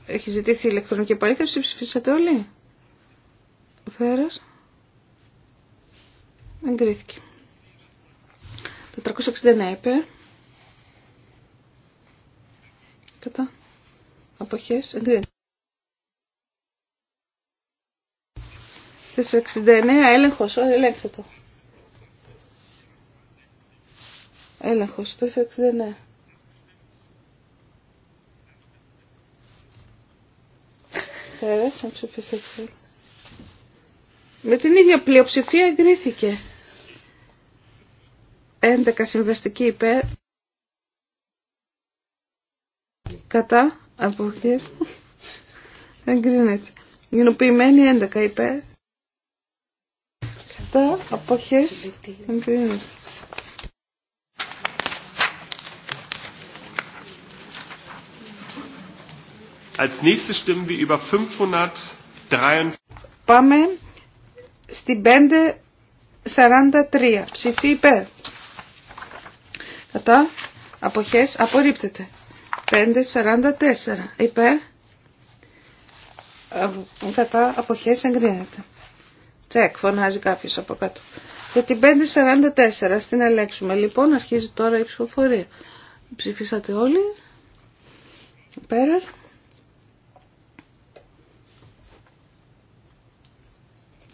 Έχει ζητήθει ηλεκτρονική επαλήθευση, ψηφίσατε όλοι. Φέρας. Εγκρίθηκε. 469 είπε. Κατά. Αποχές. Εγκρίνεται. 69, έλεγχος. Ελέγξτε το. Έλεγχος. 469. Με την ίδια πλειοψηφία εγκρίθηκε. 11 συμβαστική υπέρ κατά αποχές εγκρίνεται. Γενοποιημένη 11 υπέρ κατά αποχές εγκρίνεται. Als nächstes stimmen wir über 543. Πάμε στην 543. Ψηφί υπέρ. Κατά αποχές απορρίπτεται. 5.44 υπέρ ε, κατά αποχές εγκρίνεται. Τσεκ, φωνάζει κάποιος από κάτω. Για την 5.44 στην ελέξουμε. Λοιπόν, αρχίζει τώρα η ψηφοφορία. Ψηφίσατε όλοι. πέρα.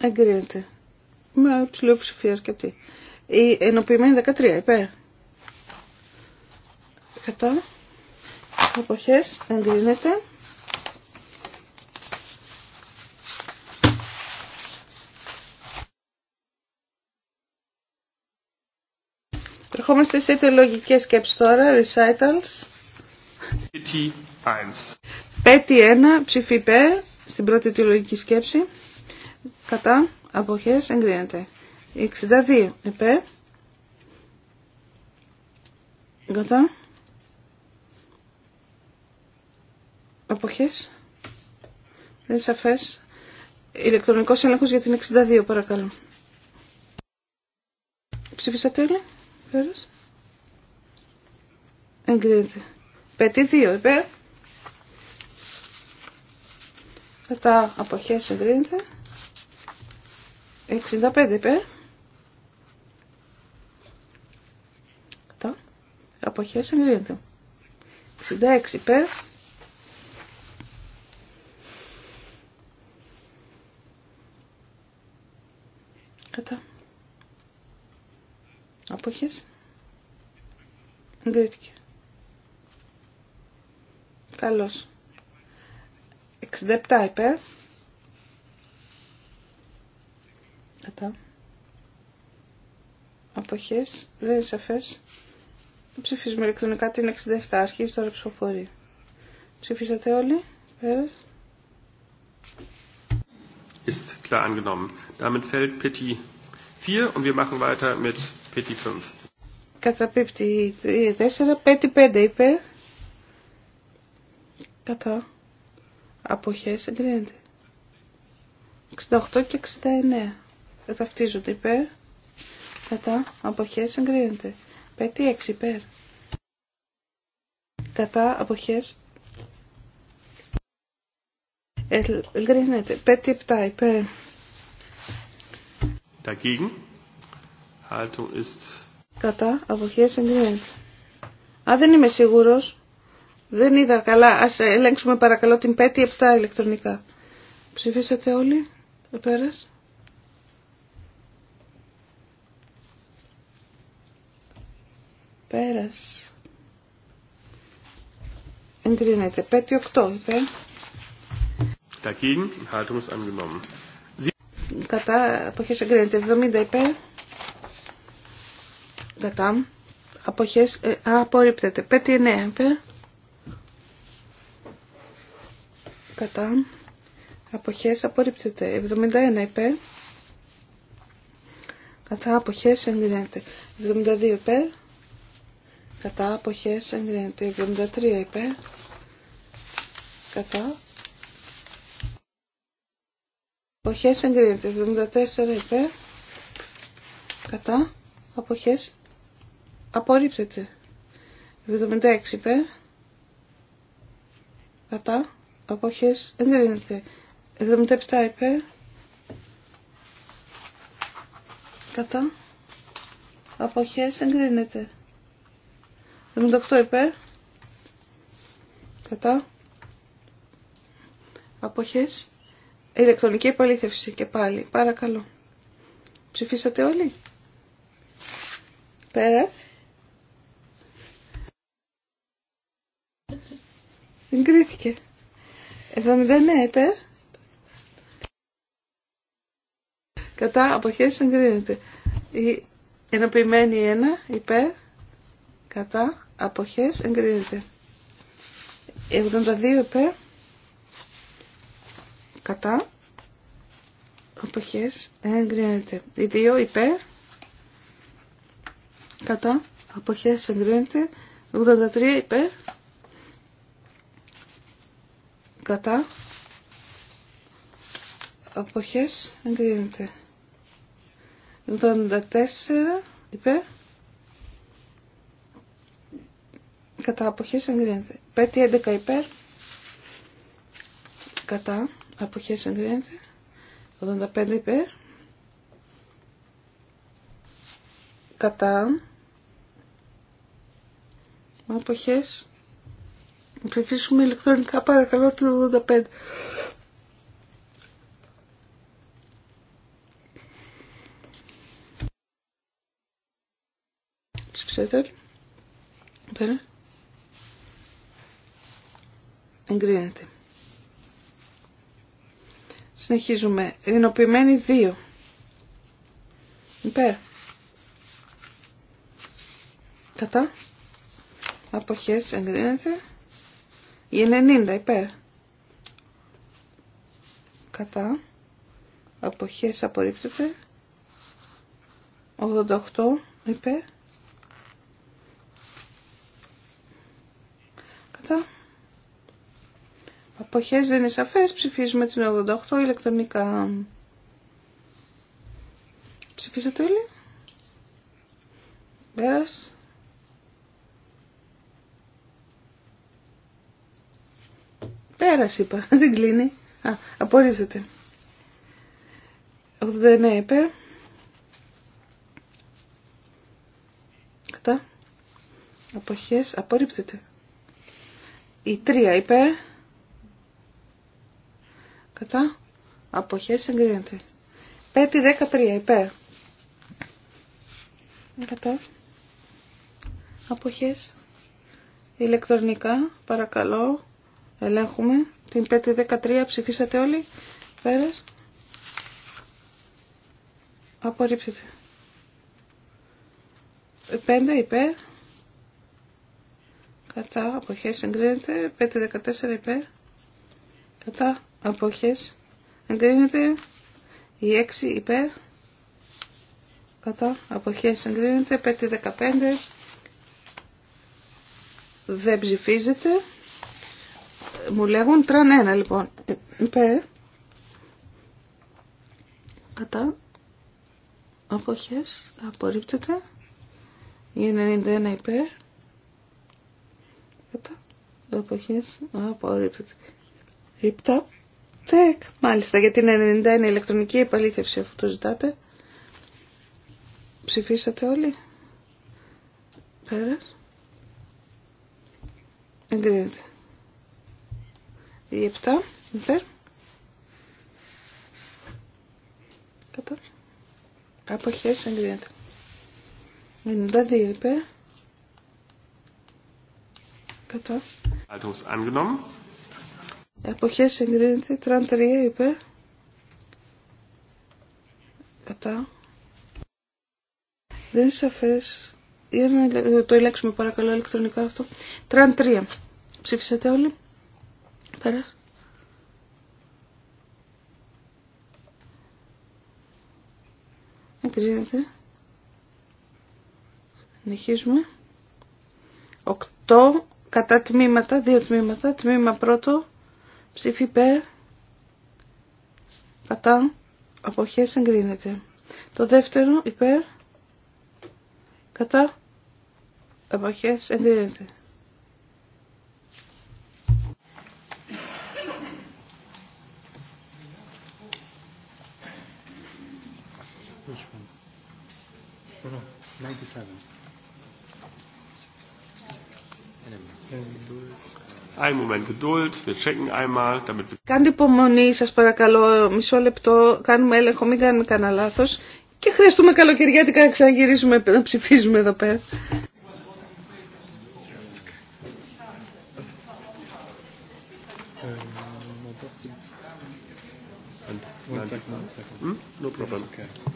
Εγκρίνεται. Με υψηλό ψηφία αρκετή. Η ενοποιημένη 13, υπέρ. Κατά αποχές εγκρίνεται. Ερχόμαστε σε τελογικές σκέψεις τώρα, recitals. Πέτη 1. ψηφί πέ, στην πρώτη τελογική σκέψη. Κατά, αποχές, εγκρίνεται. 62, Επέ. Κατά, Αποχές. Δεν είναι σαφές. Ηλεκτρονικός έλεγχος για την 62 παρακαλω Ψήφισα τέλη. όλοι. Πέρας. Εγκρίνεται. 5-2 υπέρ. Κατά αποχές εγκρίνεται. 65 υπέρ. Κατά αποχές εγκρίνεται. 66 υπέρ. συγκρίθηκε. Καλώς. 67 υπέρ. Κατά. Αποχές. Δεν είναι σαφές. Ψηφίζουμε ηλεκτρονικά την 67. Αρχίζει τώρα ψηφοφορία. Ψηφίσατε όλοι. Πέρα. Ist klar angenommen. Damit fällt Petit 4 und wir machen weiter mit Petit 5. Καταπίπτει 4, 5, 5 υπέρ. Κατά. Αποχές εγκρίνεται. 68 και 69. Ταυτίζονται υπέρ. Κατά. Αποχές εγκρίνεται. 5 6 υπέρ. Κατά. Αποχές εγκρίνεται. 5 7 υπέρ. Dagegen. Haltung ist Κατά αποχές εγκρίνεται. Α, δεν είμαι σίγουρος. Δεν είδα καλά. Ας ελέγξουμε παρακαλώ την πέτη 7 ηλεκτρονικά. Ψηφίσατε όλοι. Το ε, Πέρα. Πέρας. Εγκρίνεται. 5 8 είπε. Dagegen, Haltung ist angenommen. Κατά αποχές εγκρίνεται. 70 υπέρ κατά αποχές ε, απορρίπτεται 5 9 κατά αποχές απορρίπτεται 71 υπέρ κατά αποχές εγκρίνεται 72 υπέρ κατά αποχές εγκρίνεται 73 υπέρ κατά αποχές εγκρίνεται 74 υπέρ κατά αποχές Απορρίπτεται. 76 υπέρ. Κατά. Αποχές. Εγκρίνεται. 77 είπε. Κατά. Αποχές. Εγκρίνεται. 78 είπε. Κατά. Αποχές. Ηλεκτρονική επαλήθευση και πάλι. Παρακαλώ. Ψηφίσατε όλοι. Πέρας. Εγκρίθηκε. 79 υπέρ. Κατά αποχές εγκρίνεται. Η ενοποιημένη 1 υπέρ. Κατά αποχές εγκρίνεται. 82 υπέρ. Κατά αποχές εγκρίνεται. Η 2 υπέρ. Κατά αποχές εγκρίνεται. 83 υπέρ κατά αποχές εγκρίνεται 84 υπέρ κατά αποχές εγκρίνεται 5 11 υπέρ κατά αποχές εγκρίνεται 85 υπέρ κατά αποχές Ψηφίσουμε ηλεκτρονικά παρακαλώ το 85. Ψηφίσατε. όλοι. Πέρα. Εγκρίνεται. Συνεχίζουμε. Ενοποιημένοι 2. Υπέρ. Κατά. Αποχές εγκρίνεται. Η 90 υπέρ. Κατά. Αποχές απορρίπτεται. 88 υπέρ. Κατά. Αποχές δεν είναι σαφές. Ψηφίζουμε την 88 ηλεκτρονικά. Ψηφίσατε όλοι. Πέρας. Πέρασε είπα, (laughs) δεν κλείνει. Α, απορρίπτεται. 89 υπέρ. Κατά. Αποχές, απορρίπτεται. Η 3 υπέρ. Κατά. Αποχές εγκρίνεται. 5 13 υπέρ. Κατά. Αποχές. Ηλεκτρονικά, παρακαλώ. Ελέγχουμε την 513. Ψηφίσατε όλοι. Πέρας. Απορρίψετε. 5 υπέρ. Κατά αποχές εγκρίνεται. 514 υπέρ. Κατά αποχές εγκρίνεται. Η 6 υπέρ. Κατά αποχές εγκρίνεται. 515 δεν ψηφίζεται μου λέγουν. Τραν λοιπόν. Υπέρ. Κατά. Αποχές. Απορρίπτεται. Η 91 υπέρ. Κατά. Αποχές. Απορρίπτεται. Υπτά. Τσεκ. Μάλιστα γιατί είναι 91 ηλεκτρονική επαλήθευση αφού το ζητάτε. Ψηφίσατε όλοι. Πέρας. Εγκρίνεται. Η 7 υπέρ. Κατά. Αποχές εγκρίνεται. 92 υπέρ. Κατά. Αποχές εγκρίνεται. 33 υπέρ. Κατά. Δεν είναι σαφές. Για να το ελέγξουμε παρακαλώ ηλεκτρονικά αυτό. Τραν 3. Ψήφισατε όλοι. Εγκρίνεται. Συνεχίζουμε. Οκτώ κατά τμήματα, δύο τμήματα. Τμήμα πρώτο, ψήφι υπέρ, κατά, αποχές εγκρίνεται. Το δεύτερο υπέρ, κατά, αποχές εγκρίνεται. Κάντε υπομονή σας παρακαλώ, μισό λεπτό, κάνουμε έλεγχο, μην κάνουμε κανένα λάθο και χρειαστούμε καλοκαιριάτικα να ξαναγυρίσουμε να ψηφίζουμε εδώ πέρα. Hm? No problem.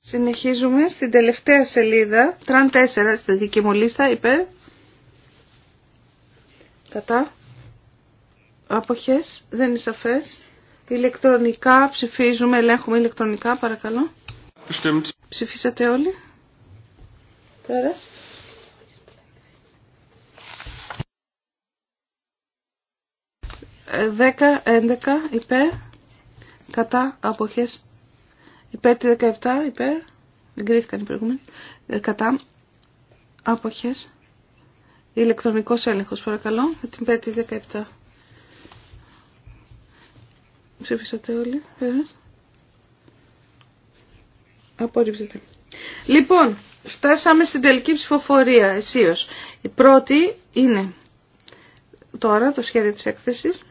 Συνεχίζουμε στην τελευταία σελίδα, τραν 4 στη δική μου λίστα, υπέρ. Κατά. Αποχές, δεν είναι σαφές. Ηλεκτρονικά ψηφίζουμε, ελέγχουμε ηλεκτρονικά, παρακαλώ. Stimmt. Ψηφίσατε όλοι. Πέρας. Ε, δέκα, έντεκα, υπέρ κατά αποχές υπέρ τη 17 υπέρ εγκρίθηκαν οι προηγούμενοι ε, κατά αποχές ηλεκτρονικός έλεγχος παρακαλώ για την υπέρ τη 17 ψήφισατε όλοι πέρας απορρίπτεται λοιπόν φτάσαμε στην τελική ψηφοφορία εσείως η πρώτη είναι τώρα το σχέδιο της έκθεσης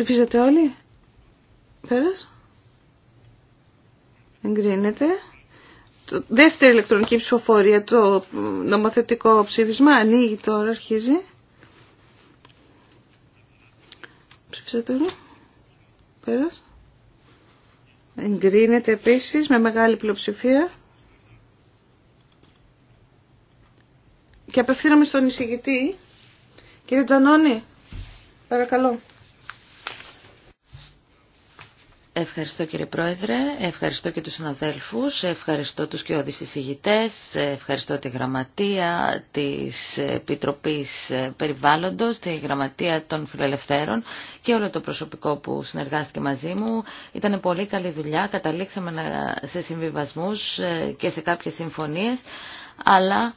Ψηφίζετε όλοι. Πέρας. Εγκρίνετε; Το δεύτερη ηλεκτρονική ψηφοφορία, το νομοθετικό ψήφισμα, ανοίγει τώρα, αρχίζει. Ψηφίζετε όλοι. Πέρας. Εγκρίνεται επίσης με μεγάλη πλειοψηφία. Και απευθύνομαι στον εισηγητή. Κύριε Τζανόνη, παρακαλώ. Ευχαριστώ κύριε Πρόεδρε, ευχαριστώ και τους συναδέλφους, ευχαριστώ τους και εισηγητές, ευχαριστώ τη Γραμματεία της Επιτροπής Περιβάλλοντος, τη Γραμματεία των Φιλελευθέρων και όλο το προσωπικό που συνεργάστηκε μαζί μου. Ήταν πολύ καλή δουλειά, καταλήξαμε σε συμβιβασμούς ε, και σε κάποιες συμφωνίες, αλλά...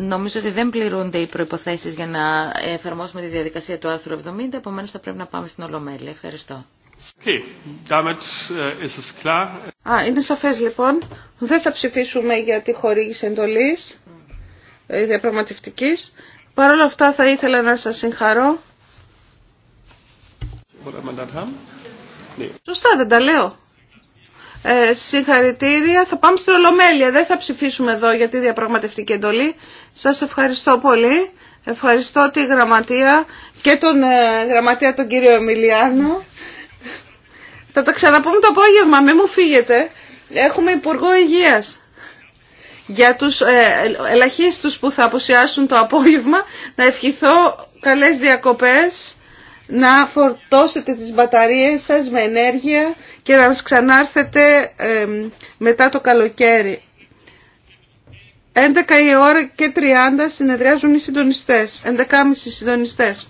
Νομίζω ότι δεν πληρούνται οι προϋποθέσεις για να εφαρμόσουμε τη διαδικασία του άρθρου 70, επομένως θα πρέπει να πάμε στην Ολομέλεια. Ευχαριστώ. Äh, είναι σαφές λοιπόν. Δεν θα ψηφίσουμε για τη χορήγηση εντολής ε, διαπραγματευτικής. Παρ' όλα αυτά θα ήθελα να σας συγχαρώ. Σωστά δεν τα λέω. Ε, συγχαρητήρια. Θα πάμε στην Ολομέλεια. Δεν θα ψηφίσουμε εδώ για τη διαπραγματευτική εντολή. Σας ευχαριστώ πολύ. Ευχαριστώ τη γραμματεία και τον ε, γραμματεία τον κύριο Εμιλιάνο. Θα τα ξαναπούμε το απόγευμα, μην μου φύγετε. Έχουμε Υπουργό Υγείας. Για τους ε, ελαχίστους που θα αποσιάσουν το απόγευμα, να ευχηθώ καλές διακοπές, να φορτώσετε τις μπαταρίες σας με ενέργεια και να ξανάρθετε μετά το καλοκαίρι. 11 η ώρα και 30 συνεδριάζουν οι συντονιστές, 11.30 συντονιστές.